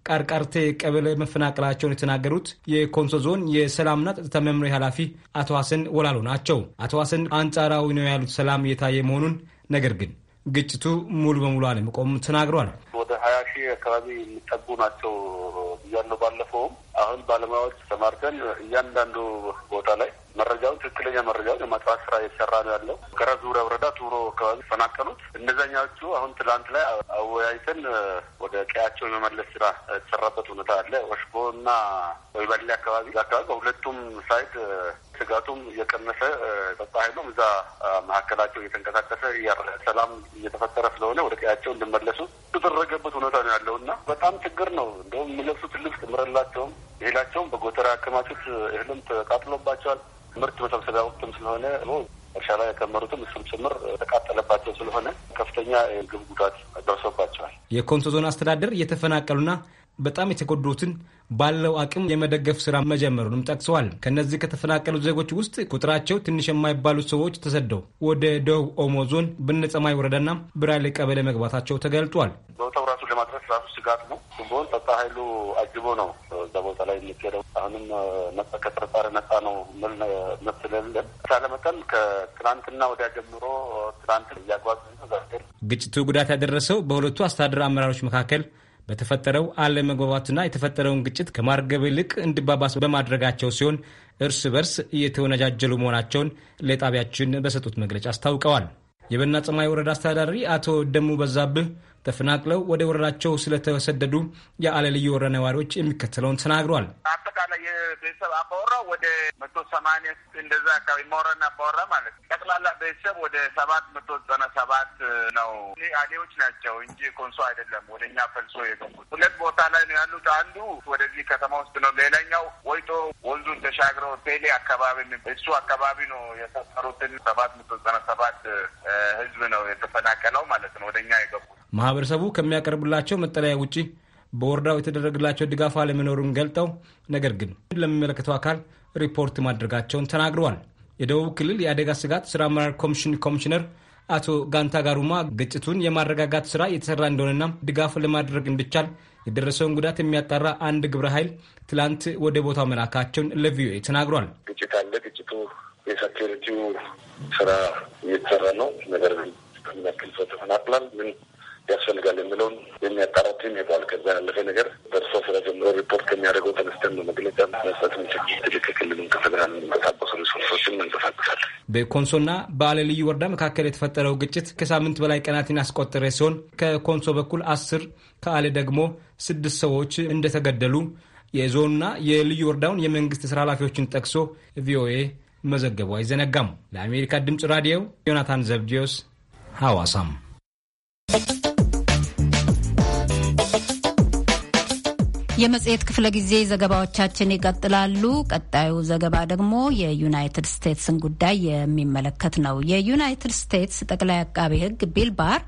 ቃርቃርቴ ቀበሌ መፈናቀላቸውን የተናገሩት የኮንሶ ዞን የሰላምና ጸጥታ መምሪያ ኃላፊ አቶ ሀሰን ወላሉ ናቸው። አቶ ሀሰን አንጻራዊ ነው ያሉት ሰላም እየታየ መሆኑን፣ ነገር ግን ግጭቱ ሙሉ በሙሉ አለመቆም ተናግሯል። ወደ ሀያ ሺህ አካባቢ የሚጠጉ ናቸው ብያለሁ። ባለፈውም አሁን ባለሙያዎች ተማርተን እያንዳንዱ ቦታ ላይ መረጃውን ትክክለኛ መረጃውን የማጥራት ስራ እየተሰራ ነው ያለው። ገራ ዙሪያ ወረዳ ቱሮ አካባቢ ተፈናቀሉት እነዛኛዎቹ አሁን ትላንት ላይ አወያይተን ወደ ቀያቸው የመመለስ ስራ የተሰራበት ሁኔታ አለ። ወሽቦ እና ወይበሌ አካባቢ አካባቢ በሁለቱም ሳይድ ስጋቱም እየቀነሰ ጠጣ ኃይሉም እዛ መካከላቸው እየተንቀሳቀሰ ሰላም እየተፈጠረ ስለሆነ ወደ ቀያቸው እንድመለሱ የተደረገበት ሁኔታ ነው ያለው እና በጣም ችግር ነው። እንደውም የሚለብሱት ልብስ ምረላቸውም እህላቸውም በጎተራ ያከማቹት እህልም ተቃጥሎባቸዋል። ምርት መሰብሰቢያ ወቅትም ስለሆነ እርሻ ላይ ያከመሩትም እሱም ጭምር ተቃጠለባቸው ስለሆነ ከፍተኛ የግብ ጉዳት ደርሶባቸዋል። የኮንሶ ዞን አስተዳደር የተፈናቀሉና በጣም የተጎዱትን ባለው አቅም የመደገፍ ስራ መጀመሩንም ጠቅሰዋል። ከእነዚህ ከተፈናቀሉ ዜጎች ውስጥ ቁጥራቸው ትንሽ የማይባሉ ሰዎች ተሰደው ወደ ደቡብ ኦሞ ዞን ብነጸማይ ወረዳና ብራሌ ቀበሌ መግባታቸው ተገልጧል። እሱም ቢሆን ጸጥታ ኃይሉ አጅቦ ነው እዛ ቦታ ላይ የሚካሄደው። አሁንም ነጻ ከጥርጣሬ ነጻ ነው ምል መብት ስለሌለን ሳለ መጠን ከትናንትና ወዲያ ጀምሮ ትናንት እያጓዙ ግጭቱ ጉዳት ያደረሰው በሁለቱ አስተዳደር አመራሮች መካከል በተፈጠረው አለመግባባትና የተፈጠረውን ግጭት ከማርገብ ይልቅ እንዲባባስ በማድረጋቸው ሲሆን እርስ በርስ እየተወነጃጀሉ መሆናቸውን ለጣቢያችን በሰጡት መግለጫ አስታውቀዋል። የበና ጸማይ ወረዳ አስተዳዳሪ አቶ ደሙ በዛብህ ተፈናቅለው ወደ ወረዳቸው ስለተሰደዱ የአለ ልዩ ወረዳ ነዋሪዎች የሚከተለውን ተናግሯል። አጠቃላይ የቤተሰብ አባወራ ወደ መቶ ሰማንያ እንደዛ አካባቢ መወረና አባወራ ማለት ጠቅላላ ቤተሰብ ወደ ሰባት መቶ ዘጠና ሰባት ነው። አሌዎች ናቸው እንጂ ኮንሶ አይደለም። ወደ እኛ ፈልሶ የገቡት ሁለት ቦታ ላይ ነው ያሉት። አንዱ ወደዚህ ከተማ ውስጥ ነው። ሌላኛው ወይጦ ወንዙን ተሻግረው ቴሌ አካባቢ እሱ አካባቢ ነው የሰፈሩትን ሰባት መቶ ዘጠና ሰባት ህዝብ ነው የተፈናቀለው ማለት ነው ወደ እኛ የገቡት ማህበረሰቡ ከሚያቀርብላቸው መጠለያ ውጪ በወረዳው የተደረገላቸው ድጋፍ አለመኖሩን ገልጠው ነገር ግን ለሚመለከተው አካል ሪፖርት ማድረጋቸውን ተናግረዋል። የደቡብ ክልል የአደጋ ስጋት ስራ አመራር ኮሚሽን ኮሚሽነር አቶ ጋንታ ጋሩማ ግጭቱን የማረጋጋት ስራ የተሰራ እንደሆነና ድጋፍ ለማድረግ እንዲቻል የደረሰውን ጉዳት የሚያጣራ አንድ ግብረ ኃይል ትላንት ወደ ቦታው መላካቸውን ለቪኦኤ ተናግሯል። ግጭት አለ። ግጭቱ የሰኪሪቲው ስራ እየተሰራ ነው። ነገር ግን ያክል ሰው ተፈናቅሏል። ምን ያስፈልጋል የሚለውን የሚያጣራ ቲም ሄዷል። ከዛ ያለፈ ነገር በእርሷ ስራ ጀምሮ ሪፖርት ከሚያደርገው ተነስተን መግለጫ መስጠት ምንችል ትልክክልንም ከፌደራል የሚንቀሳቀሱ ሪሶርሶችን መንቀሳቀሳል። በኮንሶና በአለ ልዩ ወረዳ መካከል የተፈጠረው ግጭት ከሳምንት በላይ ቀናትን ያስቆጠረ ሲሆን ከኮንሶ በኩል አስር ከአለ ደግሞ ስድስት ሰዎች እንደተገደሉ የዞንና የልዩ ወረዳውን የመንግስት ስራ ኃላፊዎችን ጠቅሶ ቪኦኤ መዘገቡ አይዘነጋም። ለአሜሪካ ድምፅ ራዲዮ ዮናታን ዘብዲዮስ ሐዋሳም የመጽሔት ክፍለ ጊዜ ዘገባዎቻችን ይቀጥላሉ። ቀጣዩ ዘገባ ደግሞ የዩናይትድ ስቴትስን ጉዳይ የሚመለከት ነው። የዩናይትድ ስቴትስ ጠቅላይ አቃቤ ሕግ ቢል ባር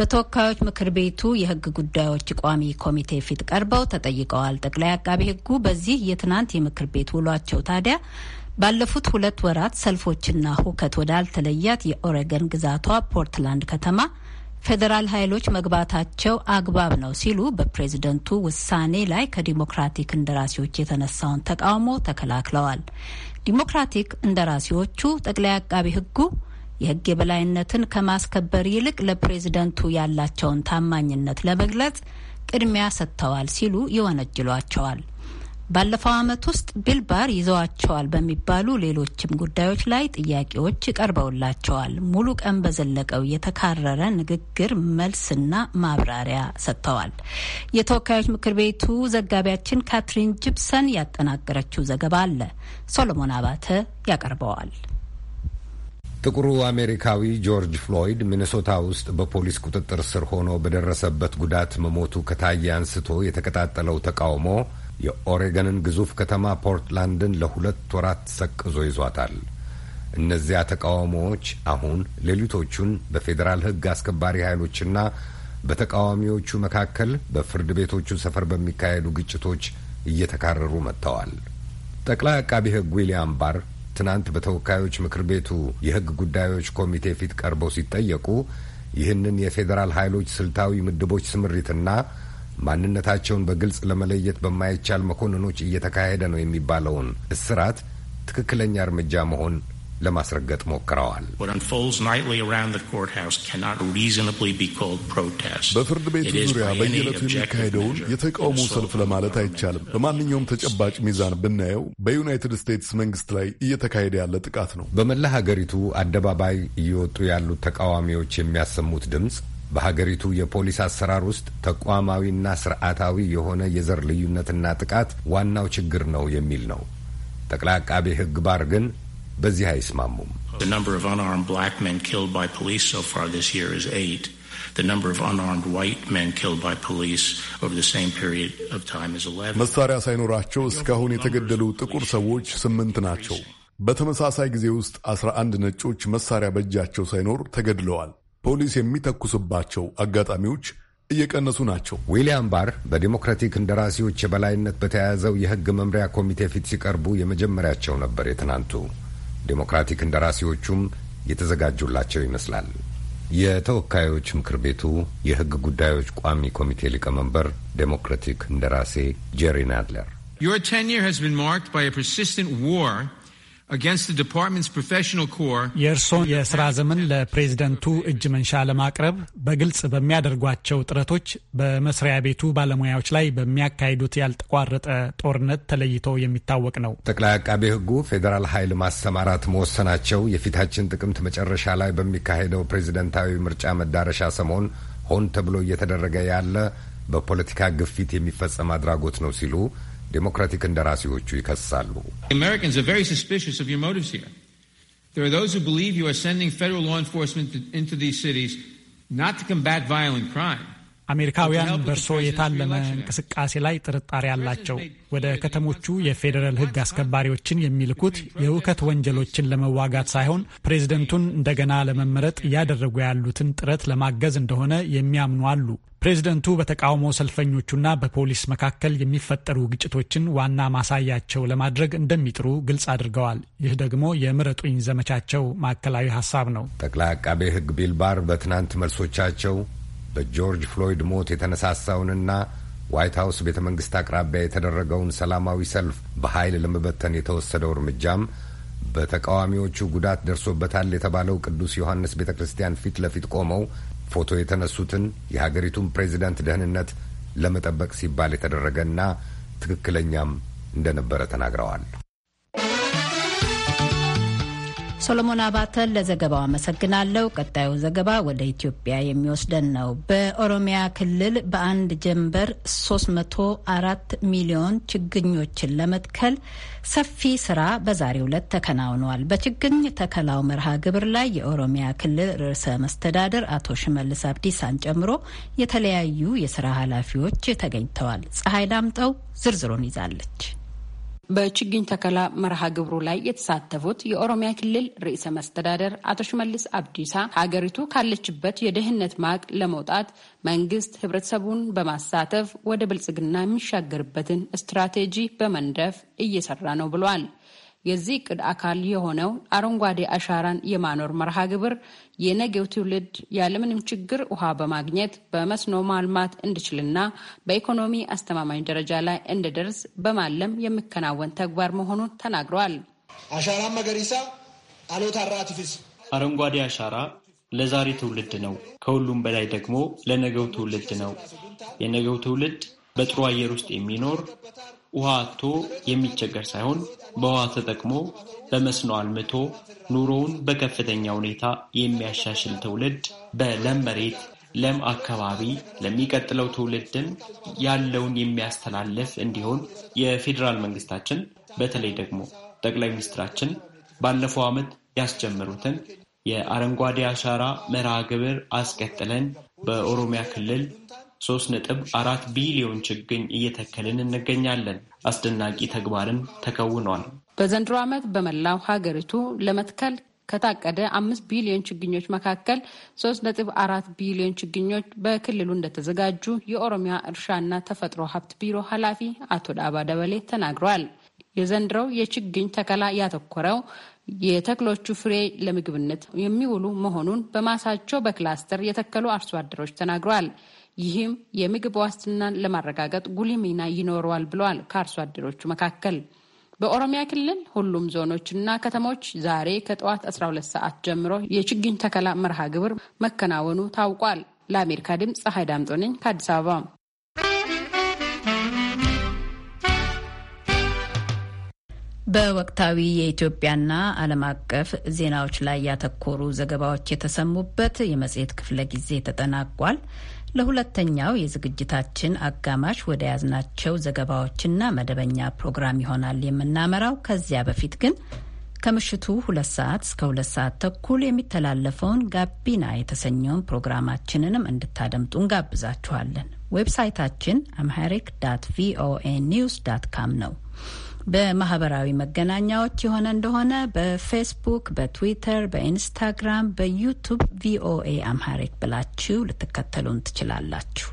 በተወካዮች ምክር ቤቱ የህግ ጉዳዮች ቋሚ ኮሚቴ ፊት ቀርበው ተጠይቀዋል። ጠቅላይ አቃቤ ሕጉ በዚህ የትናንት የምክር ቤት ውሏቸው ታዲያ ባለፉት ሁለት ወራት ሰልፎችና ሁከት ወዳልተለያት የኦሬገን ግዛቷ ፖርትላንድ ከተማ ፌዴራል ኃይሎች መግባታቸው አግባብ ነው ሲሉ በፕሬዝደንቱ ውሳኔ ላይ ከዲሞክራቲክ እንደራሴዎች የተነሳውን ተቃውሞ ተከላክለዋል። ዲሞክራቲክ እንደራሴዎቹ ጠቅላይ አቃቢ ሕጉ የሕግ የበላይነትን ከማስከበር ይልቅ ለፕሬዝደንቱ ያላቸውን ታማኝነት ለመግለጽ ቅድሚያ ሰጥተዋል ሲሉ ይወነጅሏቸዋል። ባለፈው ዓመት ውስጥ ቢልባር ይዘዋቸዋል በሚባሉ ሌሎችም ጉዳዮች ላይ ጥያቄዎች ቀርበውላቸዋል። ሙሉ ቀን በዘለቀው የተካረረ ንግግር መልስና ማብራሪያ ሰጥተዋል። የተወካዮች ምክር ቤቱ ዘጋቢያችን ካትሪን ጂፕሰን ያጠናቀረችው ዘገባ አለ። ሶሎሞን አባተ ያቀርበዋል። ጥቁሩ አሜሪካዊ ጆርጅ ፍሎይድ ሚኔሶታ ውስጥ በፖሊስ ቁጥጥር ስር ሆኖ በደረሰበት ጉዳት መሞቱ ከታየ አንስቶ የተቀጣጠለው ተቃውሞ የኦሬገንን ግዙፍ ከተማ ፖርትላንድን ለሁለት ወራት ሰቅዞ ይዟታል። እነዚያ ተቃውሞዎች አሁን ሌሊቶቹን በፌዴራል ሕግ አስከባሪ ኃይሎችና በተቃዋሚዎቹ መካከል በፍርድ ቤቶቹ ሰፈር በሚካሄዱ ግጭቶች እየተካረሩ መጥተዋል። ጠቅላይ አቃቢ ሕግ ዊልያም ባር ትናንት በተወካዮች ምክር ቤቱ የሕግ ጉዳዮች ኮሚቴ ፊት ቀርበው ሲጠየቁ ይህንን የፌዴራል ኃይሎች ስልታዊ ምድቦች ስምሪትና ማንነታቸውን በግልጽ ለመለየት በማይቻል መኮንኖች እየተካሄደ ነው የሚባለውን እስራት ትክክለኛ እርምጃ መሆን ለማስረገጥ ሞክረዋል። በፍርድ ቤቱ ዙሪያ በየዕለቱ የሚካሄደውን የተቃውሞ ሰልፍ ለማለት አይቻልም። በማንኛውም ተጨባጭ ሚዛን ብናየው በዩናይትድ ስቴትስ መንግስት ላይ እየተካሄደ ያለ ጥቃት ነው። በመላ ሀገሪቱ አደባባይ እየወጡ ያሉት ተቃዋሚዎች የሚያሰሙት ድምፅ በሀገሪቱ የፖሊስ አሰራር ውስጥ ተቋማዊና ስርዓታዊ የሆነ የዘር ልዩነትና ጥቃት ዋናው ችግር ነው የሚል ነው። ጠቅላይ አቃቤ ሕግ ባር ግን በዚህ አይስማሙም። መሳሪያ ሳይኖራቸው እስካሁን የተገደሉ ጥቁር ሰዎች ስምንት ናቸው። በተመሳሳይ ጊዜ ውስጥ አስራ አንድ ነጮች መሳሪያ በእጃቸው ሳይኖር ተገድለዋል። ፖሊስ የሚተኩስባቸው አጋጣሚዎች እየቀነሱ ናቸው። ዊሊያም ባር በዲሞክራቲክ እንደራሴዎች የበላይነት በተያያዘው የህግ መምሪያ ኮሚቴ ፊት ሲቀርቡ የመጀመሪያቸው ነበር የትናንቱ። ዲሞክራቲክ እንደራሴዎቹም የተዘጋጁላቸው ይመስላል። የተወካዮች ምክር ቤቱ የህግ ጉዳዮች ቋሚ ኮሚቴ ሊቀመንበር ዴሞክራቲክ እንደራሴ ጄሪ ናድለር Your tenure has been marked by a persistent war የእርሶን የሥራ ዘመን ለፕሬዝደንቱ እጅ መንሻ ለማቅረብ በግልጽ በሚያደርጓቸው ጥረቶች በመስሪያ ቤቱ ባለሙያዎች ላይ በሚያካሂዱት ያልተቋረጠ ጦርነት ተለይቶ የሚታወቅ ነው። ጠቅላይ አቃቤ ሕጉ ፌዴራል ኃይል ማሰማራት መወሰናቸው የፊታችን ጥቅምት መጨረሻ ላይ በሚካሄደው ፕሬዝደንታዊ ምርጫ መዳረሻ ሰሞን ሆን ተብሎ እየተደረገ ያለ በፖለቲካ ግፊት የሚፈጸም አድራጎት ነው ሲሉ ዴሞክራቲክ እንደራሴዎቹ ይከሳሉ። ሪን አሜሪካውያን በእርሶ የታለመ እንቅስቃሴ ላይ ጥርጣሬ አላቸው። ወደ ከተሞቹ የፌዴራል ሕግ አስከባሪዎችን የሚልኩት የውከት ወንጀሎችን ለመዋጋት ሳይሆን ፕሬዝደንቱን እንደገና ለመመረጥ እያደረጉ ያሉትን ጥረት ለማገዝ እንደሆነ የሚያምኑ አሉ። ፕሬዝደንቱ በተቃውሞ ሰልፈኞቹና በፖሊስ መካከል የሚፈጠሩ ግጭቶችን ዋና ማሳያቸው ለማድረግ እንደሚጥሩ ግልጽ አድርገዋል። ይህ ደግሞ የምረጡኝ ዘመቻቸው ማዕከላዊ ሀሳብ ነው። ጠቅላይ አቃቤ ሕግ ቢልባር በትናንት መልሶቻቸው በጆርጅ ፍሎይድ ሞት የተነሳሳውንና ዋይት ሀውስ ቤተ መንግስት አቅራቢያ የተደረገውን ሰላማዊ ሰልፍ በኃይል ለመበተን የተወሰደው እርምጃም በተቃዋሚዎቹ ጉዳት ደርሶበታል የተባለው ቅዱስ ዮሐንስ ቤተ ክርስቲያን ፊት ለፊት ቆመው ፎቶ የተነሱትን የሀገሪቱን ፕሬዚደንት ደህንነት ለመጠበቅ ሲባል የተደረገና ትክክለኛም እንደነበረ ተናግረዋል። ሶሎሞን አባተን ለዘገባው አመሰግናለሁ። ቀጣዩ ዘገባ ወደ ኢትዮጵያ የሚወስደን ነው። በኦሮሚያ ክልል በአንድ ጀንበር 304 ሚሊዮን ችግኞችን ለመትከል ሰፊ ስራ በዛሬው ዕለት ተከናውኗል። በችግኝ ተከላው መርሃ ግብር ላይ የኦሮሚያ ክልል ርዕሰ መስተዳደር አቶ ሽመልስ አብዲሳን ጨምሮ የተለያዩ የስራ ኃላፊዎች ተገኝተዋል። ፀሐይ ዳምጠው ዝርዝሩን ይዛለች። በችግኝ ተከላ መርሃ ግብሩ ላይ የተሳተፉት የኦሮሚያ ክልል ርዕሰ መስተዳደር አቶ ሽመልስ አብዲሳ ሀገሪቱ ካለችበት የድህነት ማቅ ለመውጣት መንግስት ህብረተሰቡን በማሳተፍ ወደ ብልጽግና የሚሻገርበትን ስትራቴጂ በመንደፍ እየሰራ ነው ብሏል። የዚህ እቅድ አካል የሆነው አረንጓዴ አሻራን የማኖር መርሃ ግብር የነገው ትውልድ ያለምንም ችግር ውሃ በማግኘት በመስኖ ማልማት እንዲችልና በኢኮኖሚ አስተማማኝ ደረጃ ላይ እንዲደርስ በማለም የሚከናወን ተግባር መሆኑን ተናግረዋል። አሻራ መገሪሳ አሎታራ አረንጓዴ አሻራ ለዛሬ ትውልድ ነው። ከሁሉም በላይ ደግሞ ለነገው ትውልድ ነው። የነገው ትውልድ በጥሩ አየር ውስጥ የሚኖር ውሃ አቶ የሚቸገር ሳይሆን በውሃ ተጠቅሞ በመስኖ አልምቶ ኑሮውን በከፍተኛ ሁኔታ የሚያሻሽል ትውልድ በለም መሬት፣ ለም አካባቢ ለሚቀጥለው ትውልድም ያለውን የሚያስተላልፍ እንዲሆን የፌዴራል መንግስታችን በተለይ ደግሞ ጠቅላይ ሚኒስትራችን ባለፈው ዓመት ያስጀመሩትን የአረንጓዴ አሻራ መርሃ ግብር አስቀጥለን በኦሮሚያ ክልል ሶስት ነጥብ አራት ቢሊዮን ችግኝ እየተከልን እንገኛለን። አስደናቂ ተግባርን ተከውኗል። በዘንድሮ ዓመት በመላው ሀገሪቱ ለመትከል ከታቀደ አምስት ቢሊዮን ችግኞች መካከል ሶስት ነጥብ አራት ቢሊዮን ችግኞች በክልሉ እንደተዘጋጁ የኦሮሚያ እርሻና ተፈጥሮ ሀብት ቢሮ ኃላፊ አቶ ዳባ ደበሌ ተናግረዋል። የዘንድሮው የችግኝ ተከላ ያተኮረው የተክሎቹ ፍሬ ለምግብነት የሚውሉ መሆኑን በማሳቸው በክላስተር የተከሉ አርሶ አደሮች ተናግረዋል። ይህም የምግብ ዋስትናን ለማረጋገጥ ጉልህ ሚና ይኖረዋል ብለዋል ከአርሶ አደሮቹ መካከል። በኦሮሚያ ክልል ሁሉም ዞኖችና ከተሞች ዛሬ ከጠዋት 12 ሰዓት ጀምሮ የችግኝ ተከላ መርሃ ግብር መከናወኑ ታውቋል። ለአሜሪካ ድምፅ ፀሐይ ዳምጦ ነኝ ከአዲስ አበባ። በወቅታዊ የኢትዮጵያና ዓለም አቀፍ ዜናዎች ላይ ያተኮሩ ዘገባዎች የተሰሙበት የመጽሔት ክፍለ ጊዜ ተጠናቋል። ለሁለተኛው የዝግጅታችን አጋማሽ ወደ ያዝናቸው ዘገባዎችና መደበኛ ፕሮግራም ይሆናል የምናመራው። ከዚያ በፊት ግን ከምሽቱ ሁለት ሰዓት እስከ ሁለት ሰዓት ተኩል የሚተላለፈውን ጋቢና የተሰኘውን ፕሮግራማችንንም እንድታደምጡ እንጋብዛችኋለን። ዌብሳይታችን አምሃሪክ ዳት ቪኦኤ ኒውስ ዳት ካም ነው። በማህበራዊ መገናኛዎች የሆነ እንደሆነ በፌስቡክ፣ በትዊተር፣ በኢንስታግራም፣ በዩቱብ ቪኦኤ አምሃሪክ ብላችሁ ልትከተሉን ትችላላችሁ።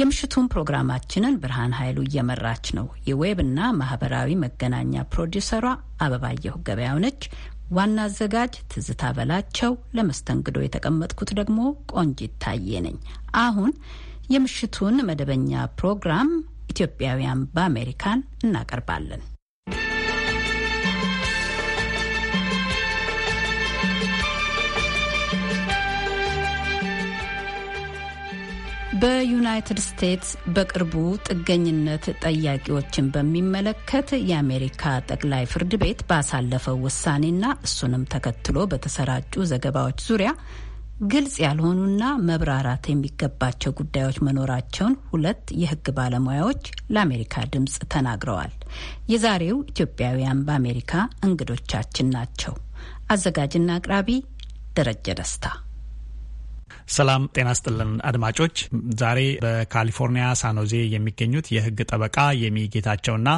የምሽቱን ፕሮግራማችንን ብርሃን ኃይሉ እየመራች ነው። የዌብና ማህበራዊ መገናኛ ፕሮዲውሰሯ አበባየሁ ገበያው ነች። ዋና አዘጋጅ ትዝታ በላቸው፣ ለመስተንግዶ የተቀመጥኩት ደግሞ ቆንጂት ታዬ ነኝ። አሁን የምሽቱን መደበኛ ፕሮግራም ኢትዮጵያውያን በአሜሪካን እናቀርባለን። በዩናይትድ ስቴትስ በቅርቡ ጥገኝነት ጠያቂዎችን በሚመለከት የአሜሪካ ጠቅላይ ፍርድ ቤት ባሳለፈው ውሳኔና እሱንም ተከትሎ በተሰራጩ ዘገባዎች ዙሪያ ግልጽ ያልሆኑና መብራራት የሚገባቸው ጉዳዮች መኖራቸውን ሁለት የሕግ ባለሙያዎች ለአሜሪካ ድምፅ ተናግረዋል። የዛሬው ኢትዮጵያውያን በአሜሪካ እንግዶቻችን ናቸው። አዘጋጅና አቅራቢ ደረጀ ደስታ ሰላም ጤና ስጥልን አድማጮች። ዛሬ በካሊፎርኒያ ሳኖዜ የሚገኙት የህግ ጠበቃ የሚጌታቸውና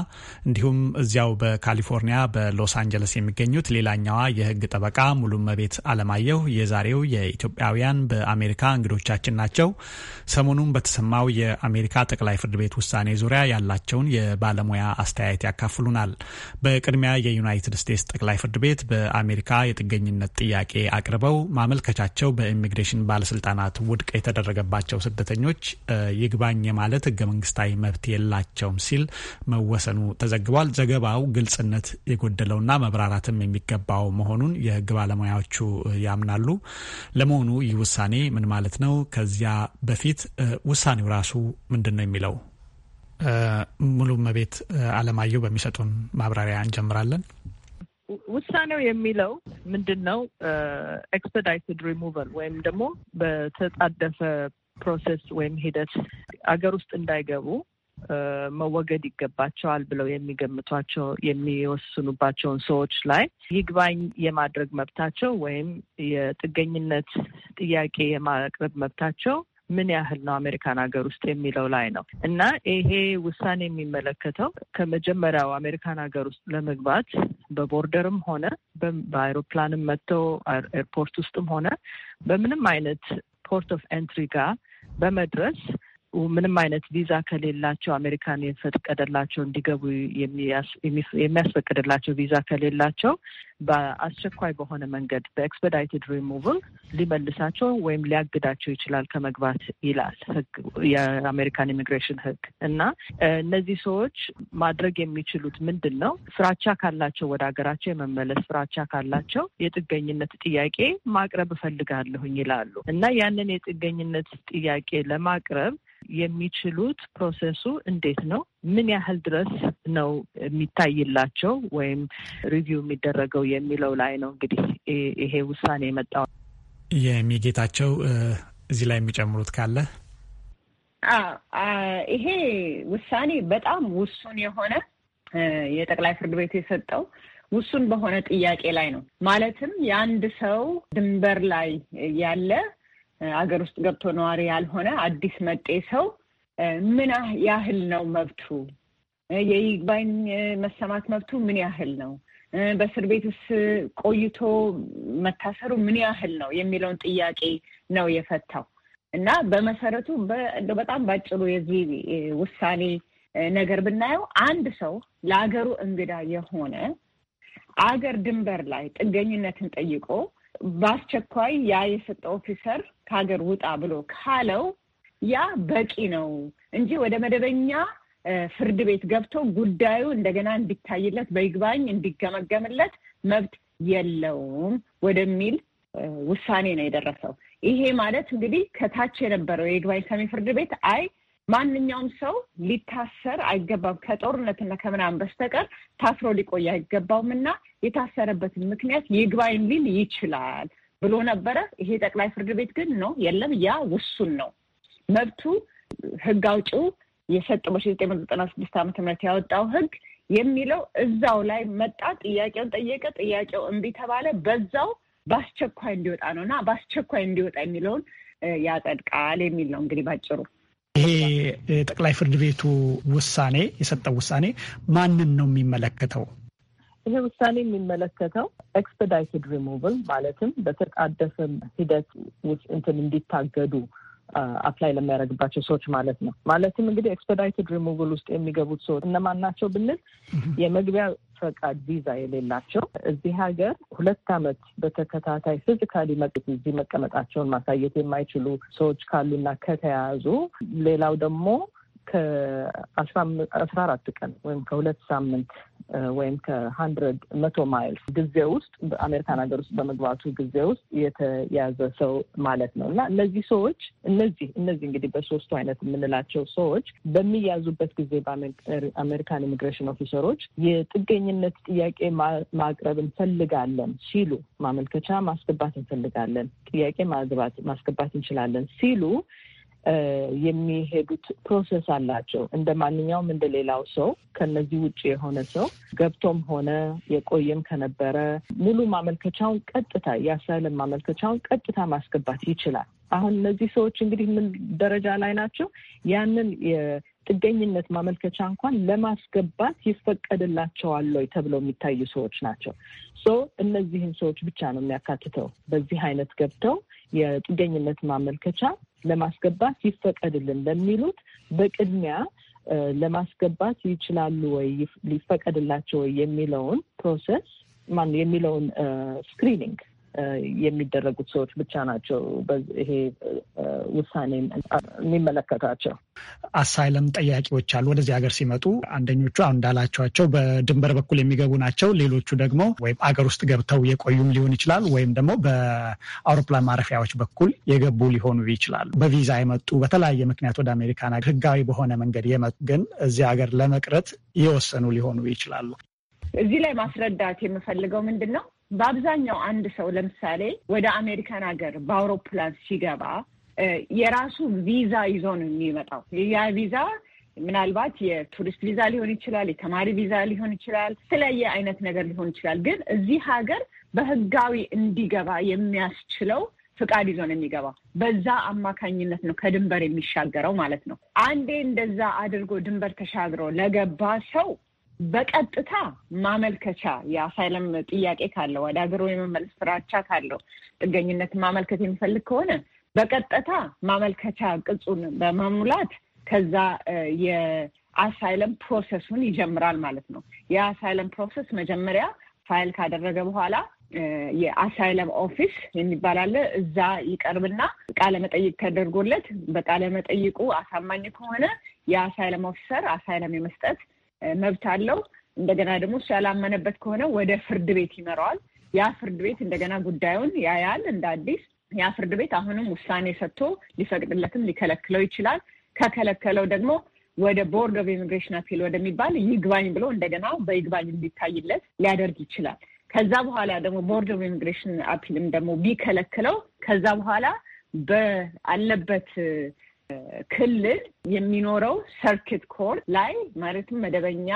እንዲሁም እዚያው በካሊፎርኒያ በሎስ አንጀለስ የሚገኙት ሌላኛዋ የህግ ጠበቃ ሙሉመቤት አለማየሁ የዛሬው የኢትዮጵያውያን በአሜሪካ እንግዶቻችን ናቸው። ሰሞኑን በተሰማው የአሜሪካ ጠቅላይ ፍርድ ቤት ውሳኔ ዙሪያ ያላቸውን የባለሙያ አስተያየት ያካፍሉናል። በቅድሚያ የዩናይትድ ስቴትስ ጠቅላይ ፍርድ ቤት በአሜሪካ የጥገኝነት ጥያቄ አቅርበው ማመልከቻቸው በኢሚግሬሽን ባለስልጣ ባለስልጣናት ውድቅ የተደረገባቸው ስደተኞች ይግባኝ ማለት ህገ መንግስታዊ መብት የላቸውም ሲል መወሰኑ ተዘግቧል። ዘገባው ግልጽነት የጎደለውና መብራራትም የሚገባው መሆኑን የህግ ባለሙያዎቹ ያምናሉ። ለመሆኑ ይህ ውሳኔ ምን ማለት ነው? ከዚያ በፊት ውሳኔው ራሱ ምንድን ነው የሚለው ሙሉ መቤት አለማየሁ በሚሰጡን ማብራሪያ እንጀምራለን። ውሳኔው የሚለው ምንድን ነው? ኤክስፐዳይትድ ሪሙቨል ወይም ደግሞ በተጣደፈ ፕሮሰስ ወይም ሂደት አገር ውስጥ እንዳይገቡ መወገድ ይገባቸዋል ብለው የሚገምቷቸው የሚወስኑባቸውን ሰዎች ላይ ይግባኝ የማድረግ መብታቸው ወይም የጥገኝነት ጥያቄ የማቅረብ መብታቸው ምን ያህል ነው አሜሪካን ሀገር ውስጥ የሚለው ላይ ነው እና ይሄ ውሳኔ የሚመለከተው ከመጀመሪያው አሜሪካን ሀገር ውስጥ ለመግባት በቦርደርም ሆነ በአይሮፕላንም መጥተው ኤርፖርት ውስጥም ሆነ በምንም አይነት ፖርት ኦፍ ኤንትሪ ጋር በመድረስ ምንም አይነት ቪዛ ከሌላቸው አሜሪካን የፈቀደላቸው እንዲገቡ የሚያስፈቅድላቸው ቪዛ ከሌላቸው በአስቸኳይ በሆነ መንገድ በኤክስፐዳይትድ ሪሙቭል ሊመልሳቸው ወይም ሊያግዳቸው ይችላል ከመግባት ይላል ህግ የአሜሪካን ኢሚግሬሽን ህግ እና እነዚህ ሰዎች ማድረግ የሚችሉት ምንድን ነው? ፍራቻ ካላቸው ወደ ሀገራቸው የመመለስ ፍራቻ ካላቸው የጥገኝነት ጥያቄ ማቅረብ እፈልጋለሁኝ ይላሉ እና ያንን የጥገኝነት ጥያቄ ለማቅረብ የሚችሉት ፕሮሰሱ እንዴት ነው? ምን ያህል ድረስ ነው የሚታይላቸው ወይም ሪቪው የሚደረገው የሚለው ላይ ነው እንግዲህ ይሄ ውሳኔ የመጣው። የሚጌታቸው እዚህ ላይ የሚጨምሩት ካለ ይሄ ውሳኔ በጣም ውሱን የሆነ የጠቅላይ ፍርድ ቤት የሰጠው ውሱን በሆነ ጥያቄ ላይ ነው። ማለትም የአንድ ሰው ድንበር ላይ ያለ አገር ውስጥ ገብቶ ነዋሪ ያልሆነ አዲስ መጤ ሰው ምን ያህል ነው መብቱ? የይግባኝ መሰማት መብቱ ምን ያህል ነው? በእስር ቤትስ ቆይቶ መታሰሩ ምን ያህል ነው የሚለውን ጥያቄ ነው የፈታው እና በመሰረቱ በጣም ባጭሩ የዚህ ውሳኔ ነገር ብናየው አንድ ሰው ለአገሩ እንግዳ የሆነ አገር ድንበር ላይ ጥገኝነትን ጠይቆ በአስቸኳይ ያ የሰጠ ኦፊሰር ከሀገር ውጣ ብሎ ካለው ያ በቂ ነው እንጂ ወደ መደበኛ ፍርድ ቤት ገብቶ ጉዳዩ እንደገና እንዲታይለት በይግባኝ እንዲገመገምለት መብት የለውም ወደሚል ውሳኔ ነው የደረሰው። ይሄ ማለት እንግዲህ ከታች የነበረው የይግባኝ ሰሚ ፍርድ ቤት አይ ማንኛውም ሰው ሊታሰር አይገባም ከጦርነትና ከምናምን በስተቀር ታስሮ ሊቆይ አይገባውም እና የታሰረበትን ምክንያት ይግባኝ ሊል ይችላል ብሎ ነበረ። ይሄ ጠቅላይ ፍርድ ቤት ግን ነው የለም፣ ያ ውሱን ነው መብቱ ህግ አውጪው የሰጠው በሺ ዘጠኝ መቶ ዘጠና ስድስት ዓመተ ምህረት ያወጣው ህግ የሚለው እዛው ላይ መጣ። ጥያቄውን ጠየቀ። ጥያቄው እምቢ ተባለ። በዛው በአስቸኳይ እንዲወጣ ነው እና በአስቸኳይ እንዲወጣ የሚለውን ያጸድቃል የሚል ነው እንግዲህ ባጭሩ። ይሄ ጠቅላይ ፍርድ ቤቱ ውሳኔ የሰጠው ውሳኔ ማንን ነው የሚመለከተው? ይሄ ውሳኔ የሚመለከተው ኤክስፐዳይትድ ሪሙቭል ማለትም በተጣደፈ ሂደት ውስጥ እንትን እንዲታገዱ አፕላይ ለሚያደርግባቸው ሰዎች ማለት ነው። ማለትም እንግዲህ ኤክስፐዳይትድ ሪሙቭል ውስጥ የሚገቡት ሰዎች እነማን ናቸው ብንል የመግቢያ ፈቃድ ቪዛ የሌላቸው እዚህ ሀገር ሁለት ዓመት በተከታታይ ፊዚካሊ እዚህ መቀመጣቸውን ማሳየት የማይችሉ ሰዎች ካሉና ከተያያዙ ሌላው ደግሞ ከአስራ አራት ቀን ወይም ከሁለት ሳምንት ወይም ከሀንድረድ መቶ ማይልስ ጊዜ ውስጥ በአሜሪካን ሀገር ውስጥ በመግባቱ ጊዜ ውስጥ የተያዘ ሰው ማለት ነው እና እነዚህ ሰዎች እነዚህ እነዚህ እንግዲህ በሶስቱ አይነት የምንላቸው ሰዎች በሚያዙበት ጊዜ በአሜሪካን ኢሚግሬሽን ኦፊሰሮች የጥገኝነት ጥያቄ ማቅረብ እንፈልጋለን ሲሉ ማመልከቻ ማስገባት እንፈልጋለን ጥያቄ ማግባት ማስገባት እንችላለን ሲሉ የሚሄዱት ፕሮሰስ አላቸው። እንደ ማንኛውም እንደ ሌላው ሰው ከነዚህ ውጭ የሆነ ሰው ገብቶም ሆነ የቆየም ከነበረ ሙሉ ማመልከቻውን ቀጥታ የአሳይለም ማመልከቻውን ቀጥታ ማስገባት ይችላል። አሁን እነዚህ ሰዎች እንግዲህ ምን ደረጃ ላይ ናቸው? ያንን የጥገኝነት ማመልከቻ እንኳን ለማስገባት ይፈቀድላቸዋል ወይ ተብለው የሚታዩ ሰዎች ናቸው። ሶ እነዚህን ሰዎች ብቻ ነው የሚያካትተው። በዚህ አይነት ገብተው የጥገኝነት ማመልከቻ ለማስገባት ይፈቀድልን ለሚሉት በቅድሚያ ለማስገባት ይችላሉ ወይ ሊፈቀድላቸው ወይ የሚለውን ፕሮሰስ ማን የሚለውን ስክሪኒንግ የሚደረጉት ሰዎች ብቻ ናቸው ይሄ ውሳኔ የሚመለከታቸው። አሳይለም ጠያቂዎች አሉ ወደዚህ ሀገር ሲመጡ። አንደኞቹ አሁን እንዳላቸዋቸው በድንበር በኩል የሚገቡ ናቸው። ሌሎቹ ደግሞ ወይም አገር ውስጥ ገብተው የቆዩም ሊሆን ይችላል፣ ወይም ደግሞ በአውሮፕላን ማረፊያዎች በኩል የገቡ ሊሆኑ ይችላሉ። በቪዛ የመጡ በተለያየ ምክንያት ወደ አሜሪካን ሀገር ህጋዊ በሆነ መንገድ የመጡ ግን እዚህ ሀገር ለመቅረት የወሰኑ ሊሆኑ ይችላሉ። እዚህ ላይ ማስረዳት የምፈልገው ምንድን ነው በአብዛኛው አንድ ሰው ለምሳሌ ወደ አሜሪካን ሀገር በአውሮፕላን ሲገባ የራሱ ቪዛ ይዞ ነው የሚመጣው። ያ ቪዛ ምናልባት የቱሪስት ቪዛ ሊሆን ይችላል፣ የተማሪ ቪዛ ሊሆን ይችላል፣ የተለያየ አይነት ነገር ሊሆን ይችላል። ግን እዚህ ሀገር በህጋዊ እንዲገባ የሚያስችለው ፍቃድ ይዞ ነው የሚገባው። በዛ አማካኝነት ነው ከድንበር የሚሻገረው ማለት ነው። አንዴ እንደዛ አድርጎ ድንበር ተሻግሮ ለገባ ሰው በቀጥታ ማመልከቻ የአሳይለም ጥያቄ ካለው ወደ ሀገሩ የመመለስ ፍራቻ ካለው ጥገኝነት ማመልከት የሚፈልግ ከሆነ በቀጥታ ማመልከቻ ቅጹን በመሙላት ከዛ የአሳይለም ፕሮሰሱን ይጀምራል ማለት ነው። የአሳይለም ፕሮሰስ መጀመሪያ ፋይል ካደረገ በኋላ የአሳይለም ኦፊስ የሚባል አለ። እዛ ይቀርብና ቃለ መጠይቅ ተደርጎለት በቃለ መጠይቁ አሳማኝ ከሆነ የአሳይለም ኦፊሰር አሳይለም የመስጠት መብት አለው። እንደገና ደግሞ እሱ ያላመነበት ከሆነ ወደ ፍርድ ቤት ይመራዋል። ያ ፍርድ ቤት እንደገና ጉዳዩን ያያል እንደ አዲስ። ያ ፍርድ ቤት አሁንም ውሳኔ ሰጥቶ ሊፈቅድለትም ሊከለክለው ይችላል። ከከለከለው ደግሞ ወደ ቦርድ ኦፍ ኢሚግሬሽን አፒል ወደሚባል ይግባኝ ብሎ እንደገና በይግባኝ እንዲታይለት ሊያደርግ ይችላል። ከዛ በኋላ ደግሞ ቦርድ ኦፍ ኢሚግሬሽን አፒልም ደግሞ ቢከለክለው ከዛ በኋላ በአለበት ክልል የሚኖረው ሰርኪት ኮርት ላይ ማለትም መደበኛ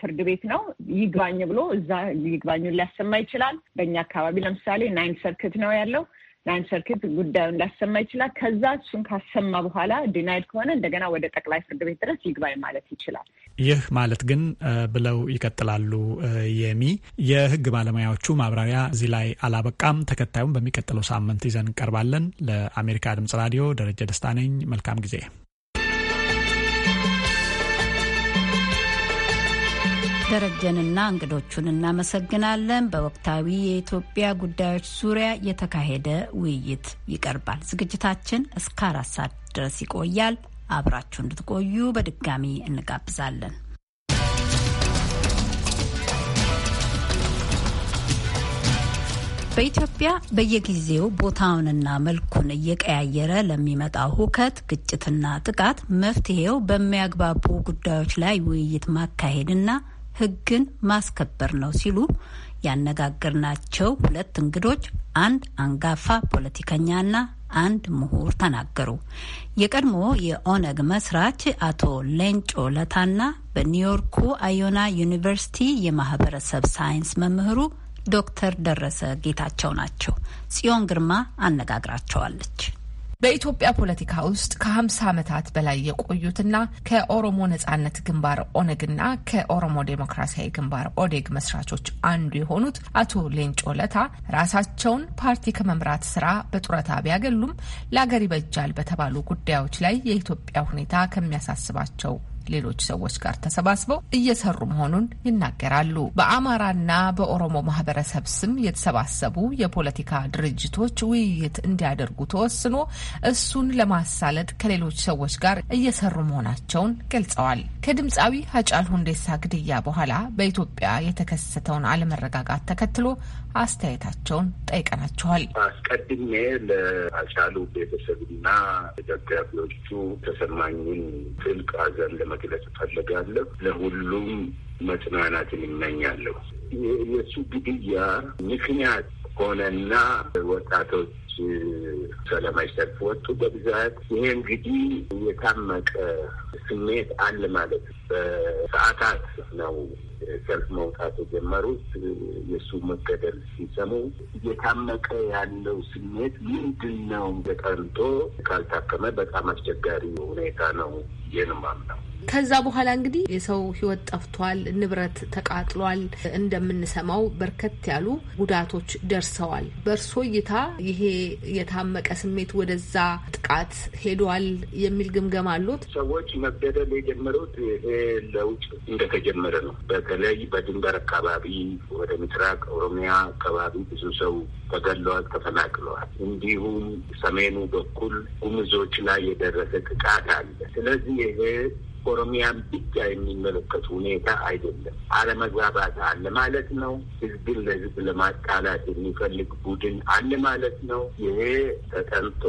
ፍርድ ቤት ነው። ይግባኝ ብሎ እዛ ይግባኙን ሊያሰማ ይችላል። በእኛ አካባቢ ለምሳሌ ናይን ሰርኪት ነው ያለው። ለአንድ ሰርኪት ጉዳዩ እንዳሰማ ይችላል። ከዛ እሱን ካሰማ በኋላ ዲናይድ ከሆነ እንደገና ወደ ጠቅላይ ፍርድ ቤት ድረስ ይግባኝ ማለት ይችላል። ይህ ማለት ግን ብለው ይቀጥላሉ የሚ የህግ ባለሙያዎቹ ማብራሪያ እዚህ ላይ አላበቃም። ተከታዩም በሚቀጥለው ሳምንት ይዘን እንቀርባለን። ለአሜሪካ ድምጽ ራዲዮ ደረጀ ደስታ ነኝ። መልካም ጊዜ ደረጀንና እንግዶቹን እናመሰግናለን። በወቅታዊ የኢትዮጵያ ጉዳዮች ዙሪያ የተካሄደ ውይይት ይቀርባል። ዝግጅታችን እስከ አራት ሰዓት ድረስ ይቆያል። አብራችሁ እንድትቆዩ በድጋሚ እንጋብዛለን። በኢትዮጵያ በየጊዜው ቦታውንና መልኩን እየቀያየረ ለሚመጣው ሁከት፣ ግጭትና ጥቃት መፍትሄው በሚያግባቡ ጉዳዮች ላይ ውይይት ማካሄድና ህግን ማስከበር ነው ሲሉ ያነጋገርናቸው ሁለት እንግዶች አንድ አንጋፋ ፖለቲከኛና አንድ ምሁር ተናገሩ። የቀድሞ የኦነግ መስራች አቶ ሌንጮ ለታና በኒውዮርኩ አዮና ዩኒቨርሲቲ የማህበረሰብ ሳይንስ መምህሩ ዶክተር ደረሰ ጌታቸው ናቸው። ጽዮን ግርማ አነጋግራቸዋለች። በኢትዮጵያ ፖለቲካ ውስጥ ከ50 ዓመታት በላይ የቆዩትና ከኦሮሞ ነጻነት ግንባር ኦነግና ከኦሮሞ ዴሞክራሲያዊ ግንባር ኦዴግ መስራቾች አንዱ የሆኑት አቶ ሌንጮ ለታ ራሳቸውን ፓርቲ ከመምራት ስራ በጡረታ ቢያገሉም ለአገር ይበጃል በተባሉ ጉዳዮች ላይ የኢትዮጵያ ሁኔታ ከሚያሳስባቸው ሌሎች ሰዎች ጋር ተሰባስበው እየሰሩ መሆኑን ይናገራሉ። በአማራና በኦሮሞ ማህበረሰብ ስም የተሰባሰቡ የፖለቲካ ድርጅቶች ውይይት እንዲያደርጉ ተወስኖ እሱን ለማሳለጥ ከሌሎች ሰዎች ጋር እየሰሩ መሆናቸውን ገልጸዋል። ከድምፃዊ ሀጫሉ ሁንዴሳ ግድያ በኋላ በኢትዮጵያ የተከሰተውን አለመረጋጋት ተከትሎ አስተያየታቸውን ጠይቀናቸዋል። አስቀድሜ ለአጫሉ ቤተሰብና ደጋፊዎቹ ተሰማኝን ጥልቅ ሐዘን ለመግለጽ እፈልጋለሁ። ለሁሉም መጽናናትን እመኛለሁ። የእሱ ግድያ ምክንያት ሆነና ወጣቶች ሰላማዊ ሰልፍ ወጡ በብዛት። ይሄ እንግዲህ የታመቀ ስሜት አለ ማለት በሰዓታት ነው ሰልፍ መውጣት የጀመሩት። የእሱ መገደል ሲሰሙ እየታመቀ ያለው ስሜት ምንድን ነው? ተጠንቶ ካልታከመ በጣም አስቸጋሪ ሁኔታ ነው ይህንም አምነው ከዛ በኋላ እንግዲህ የሰው ህይወት ጠፍቷል፣ ንብረት ተቃጥሏል፣ እንደምንሰማው በርከት ያሉ ጉዳቶች ደርሰዋል። በእርሶ እይታ ይሄ የታመቀ ስሜት ወደዛ ጥቃት ሄዷል የሚል ግምገማ አሉት? ሰዎች መገደል የጀመሩት ይሄ ለውጥ እንደተጀመረ ነው። በተለይ በድንበር አካባቢ ወደ ምስራቅ ኦሮሚያ አካባቢ ብዙ ሰው ተገለዋል፣ ተፈናቅለዋል። እንዲሁም ሰሜኑ በኩል ጉምዞች ላይ የደረሰ ጥቃት አለ። ስለዚህ ይሄ ኦሮሚያን ብቻ የሚመለከት ሁኔታ አይደለም። አለመግባባት አለ ማለት ነው። ህዝብን ለህዝብ ለማጣላት የሚፈልግ ቡድን አለ ማለት ነው። ይሄ ተጠንቶ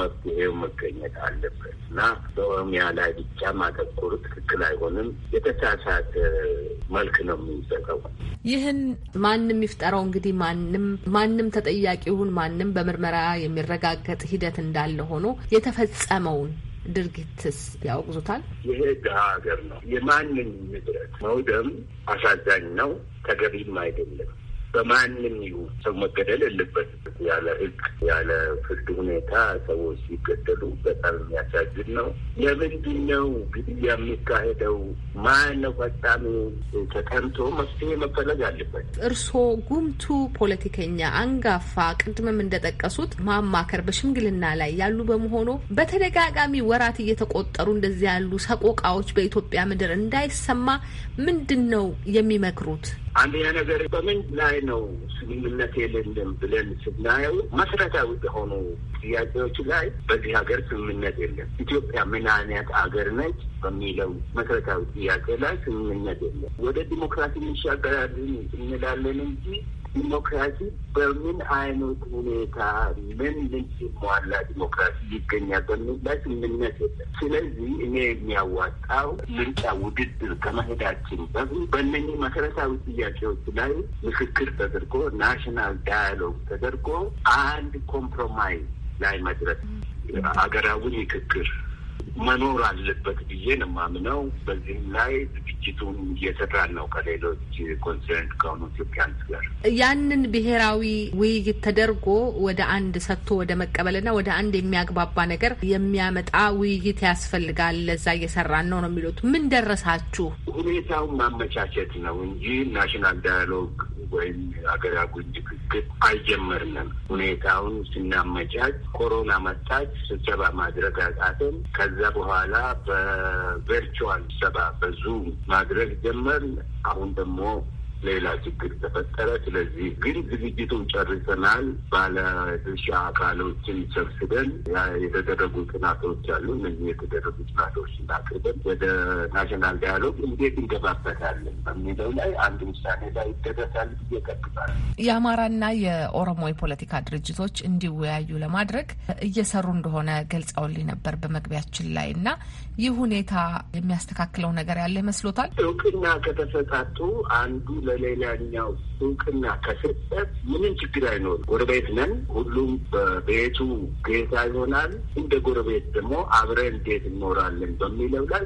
መፍትሄው መገኘት አለበት እና በኦሮሚያ ላይ ብቻ ማተኮሩ ትክክል አይሆንም። የተሳሳተ መልክ ነው የሚሰጠው። ይህን ማንም ይፍጠረው እንግዲህ ማንም ማንም ተጠያቂውን ማንም በምርመራ የሚረጋገጥ ሂደት እንዳለ ሆኖ የተፈጸመውን ድርጊትስ ያወግዙታል። ይሄ ድሀ ሀገር ነው። የማንም ንብረት መውደም አሳዛኝ ነው፣ ተገቢም አይደለም። በማንም ይሁን ሰው መገደል የለበት ያለ ሕግ ያለ ፍርድ ሁኔታ ሰዎች ሲገደሉ በጣም የሚያሳዝን ነው። ለምንድን ነው ግድያ የሚካሄደው? ማን ነው ፈጣሚ? ተጠምቶ መፍትሄ መፈለግ አለበት። እርስዎ ጉምቱ ፖለቲከኛ አንጋፋ፣ ቅድምም እንደጠቀሱት ማማከር በሽምግልና ላይ ያሉ በመሆኑ በተደጋጋሚ ወራት እየተቆጠሩ እንደዚህ ያሉ ሰቆቃዎች በኢትዮጵያ ምድር እንዳይሰማ ምንድን ነው የሚመክሩት? አንደኛ ነገር በምን ላይ ነው ስምምነት የለንም ብለን ስናየው መሰረታዊ የሆኑ ጥያቄዎች ላይ በዚህ ሀገር ስምምነት የለም። ኢትዮጵያ ምን አይነት ሀገር ነች በሚለው መሰረታዊ ጥያቄ ላይ ስምምነት የለም። ወደ ዲሞክራሲ እንሻገራለን እንላለን እንጂ ዲሞክራሲ በምን አይነት ሁኔታ ምን ምን ሲሟላ ዲሞክራሲ ይገኛል በሚል ምነት የለም። ስለዚህ እኔ የሚያዋጣው ምርጫ ውድድር ከመሄዳችን በፊት በእነኚህ መሰረታዊ ጥያቄዎች ላይ ምክክር ተደርጎ ናሽናል ዳያሎግ ተደርጎ አንድ ኮምፕሮማይዝ ላይ መድረስ አገራዊ ምክክር መኖር አለበት ብዬ ነው የማምነው። በዚህም ላይ ዝግጅቱን እየሰራን ነው ከሌሎች ኮንሰርንት ከሆኑ ኢትዮጵያንስ ጋር ያንን ብሔራዊ ውይይት ተደርጎ ወደ አንድ ሰጥቶ ወደ መቀበልና ወደ አንድ የሚያግባባ ነገር የሚያመጣ ውይይት ያስፈልጋል። ለዛ እየሰራን ነው ነው የሚሉት። ምን ደረሳችሁ? ሁኔታውን ማመቻቸት ነው እንጂ ናሽናል ዳያሎግ ወይም ሀገራዊ ንግግር አልጀመርንም። ሁኔታውን ስናመቻች ኮሮና መጣች፣ ስብሰባ ማድረግ አቃተን። ከዛ በኋላ በቨርቹዋል ሰባ በዙም ማድረግ ጀመር። አሁን ደግሞ ሌላ ችግር ተፈጠረ። ስለዚህ ግን ዝግጅቱን ጨርሰናል። ባለ ድርሻ አካሎችን ሰብስበን የተደረጉ ጥናቶች አሉ። እነዚህ የተደረጉ ጥናቶች እናቅርበን ወደ ናሽናል ዳያሎግ እንዴት እንገባበታለን በሚለው ላይ አንድ ውሳኔ ላይ ይደረሳል ብዬ እጠብቃለሁ። የአማራና የኦሮሞ የፖለቲካ ድርጅቶች እንዲወያዩ ለማድረግ እየሰሩ እንደሆነ ገልጸውልኝ ነበር በመግቢያችን ላይ እና ይህ ሁኔታ የሚያስተካክለው ነገር ያለ ይመስሎታል? እውቅና ከተሰጣጡ አንዱ በሌላኛው እውቅና ከስጠት ምንም ችግር አይኖርም። ጎረቤት ነን። ሁሉም በቤቱ ጌታ ይሆናል። እንደ ጎረቤት ደግሞ አብረን እንዴት እንኖራለን በሚለው ላይ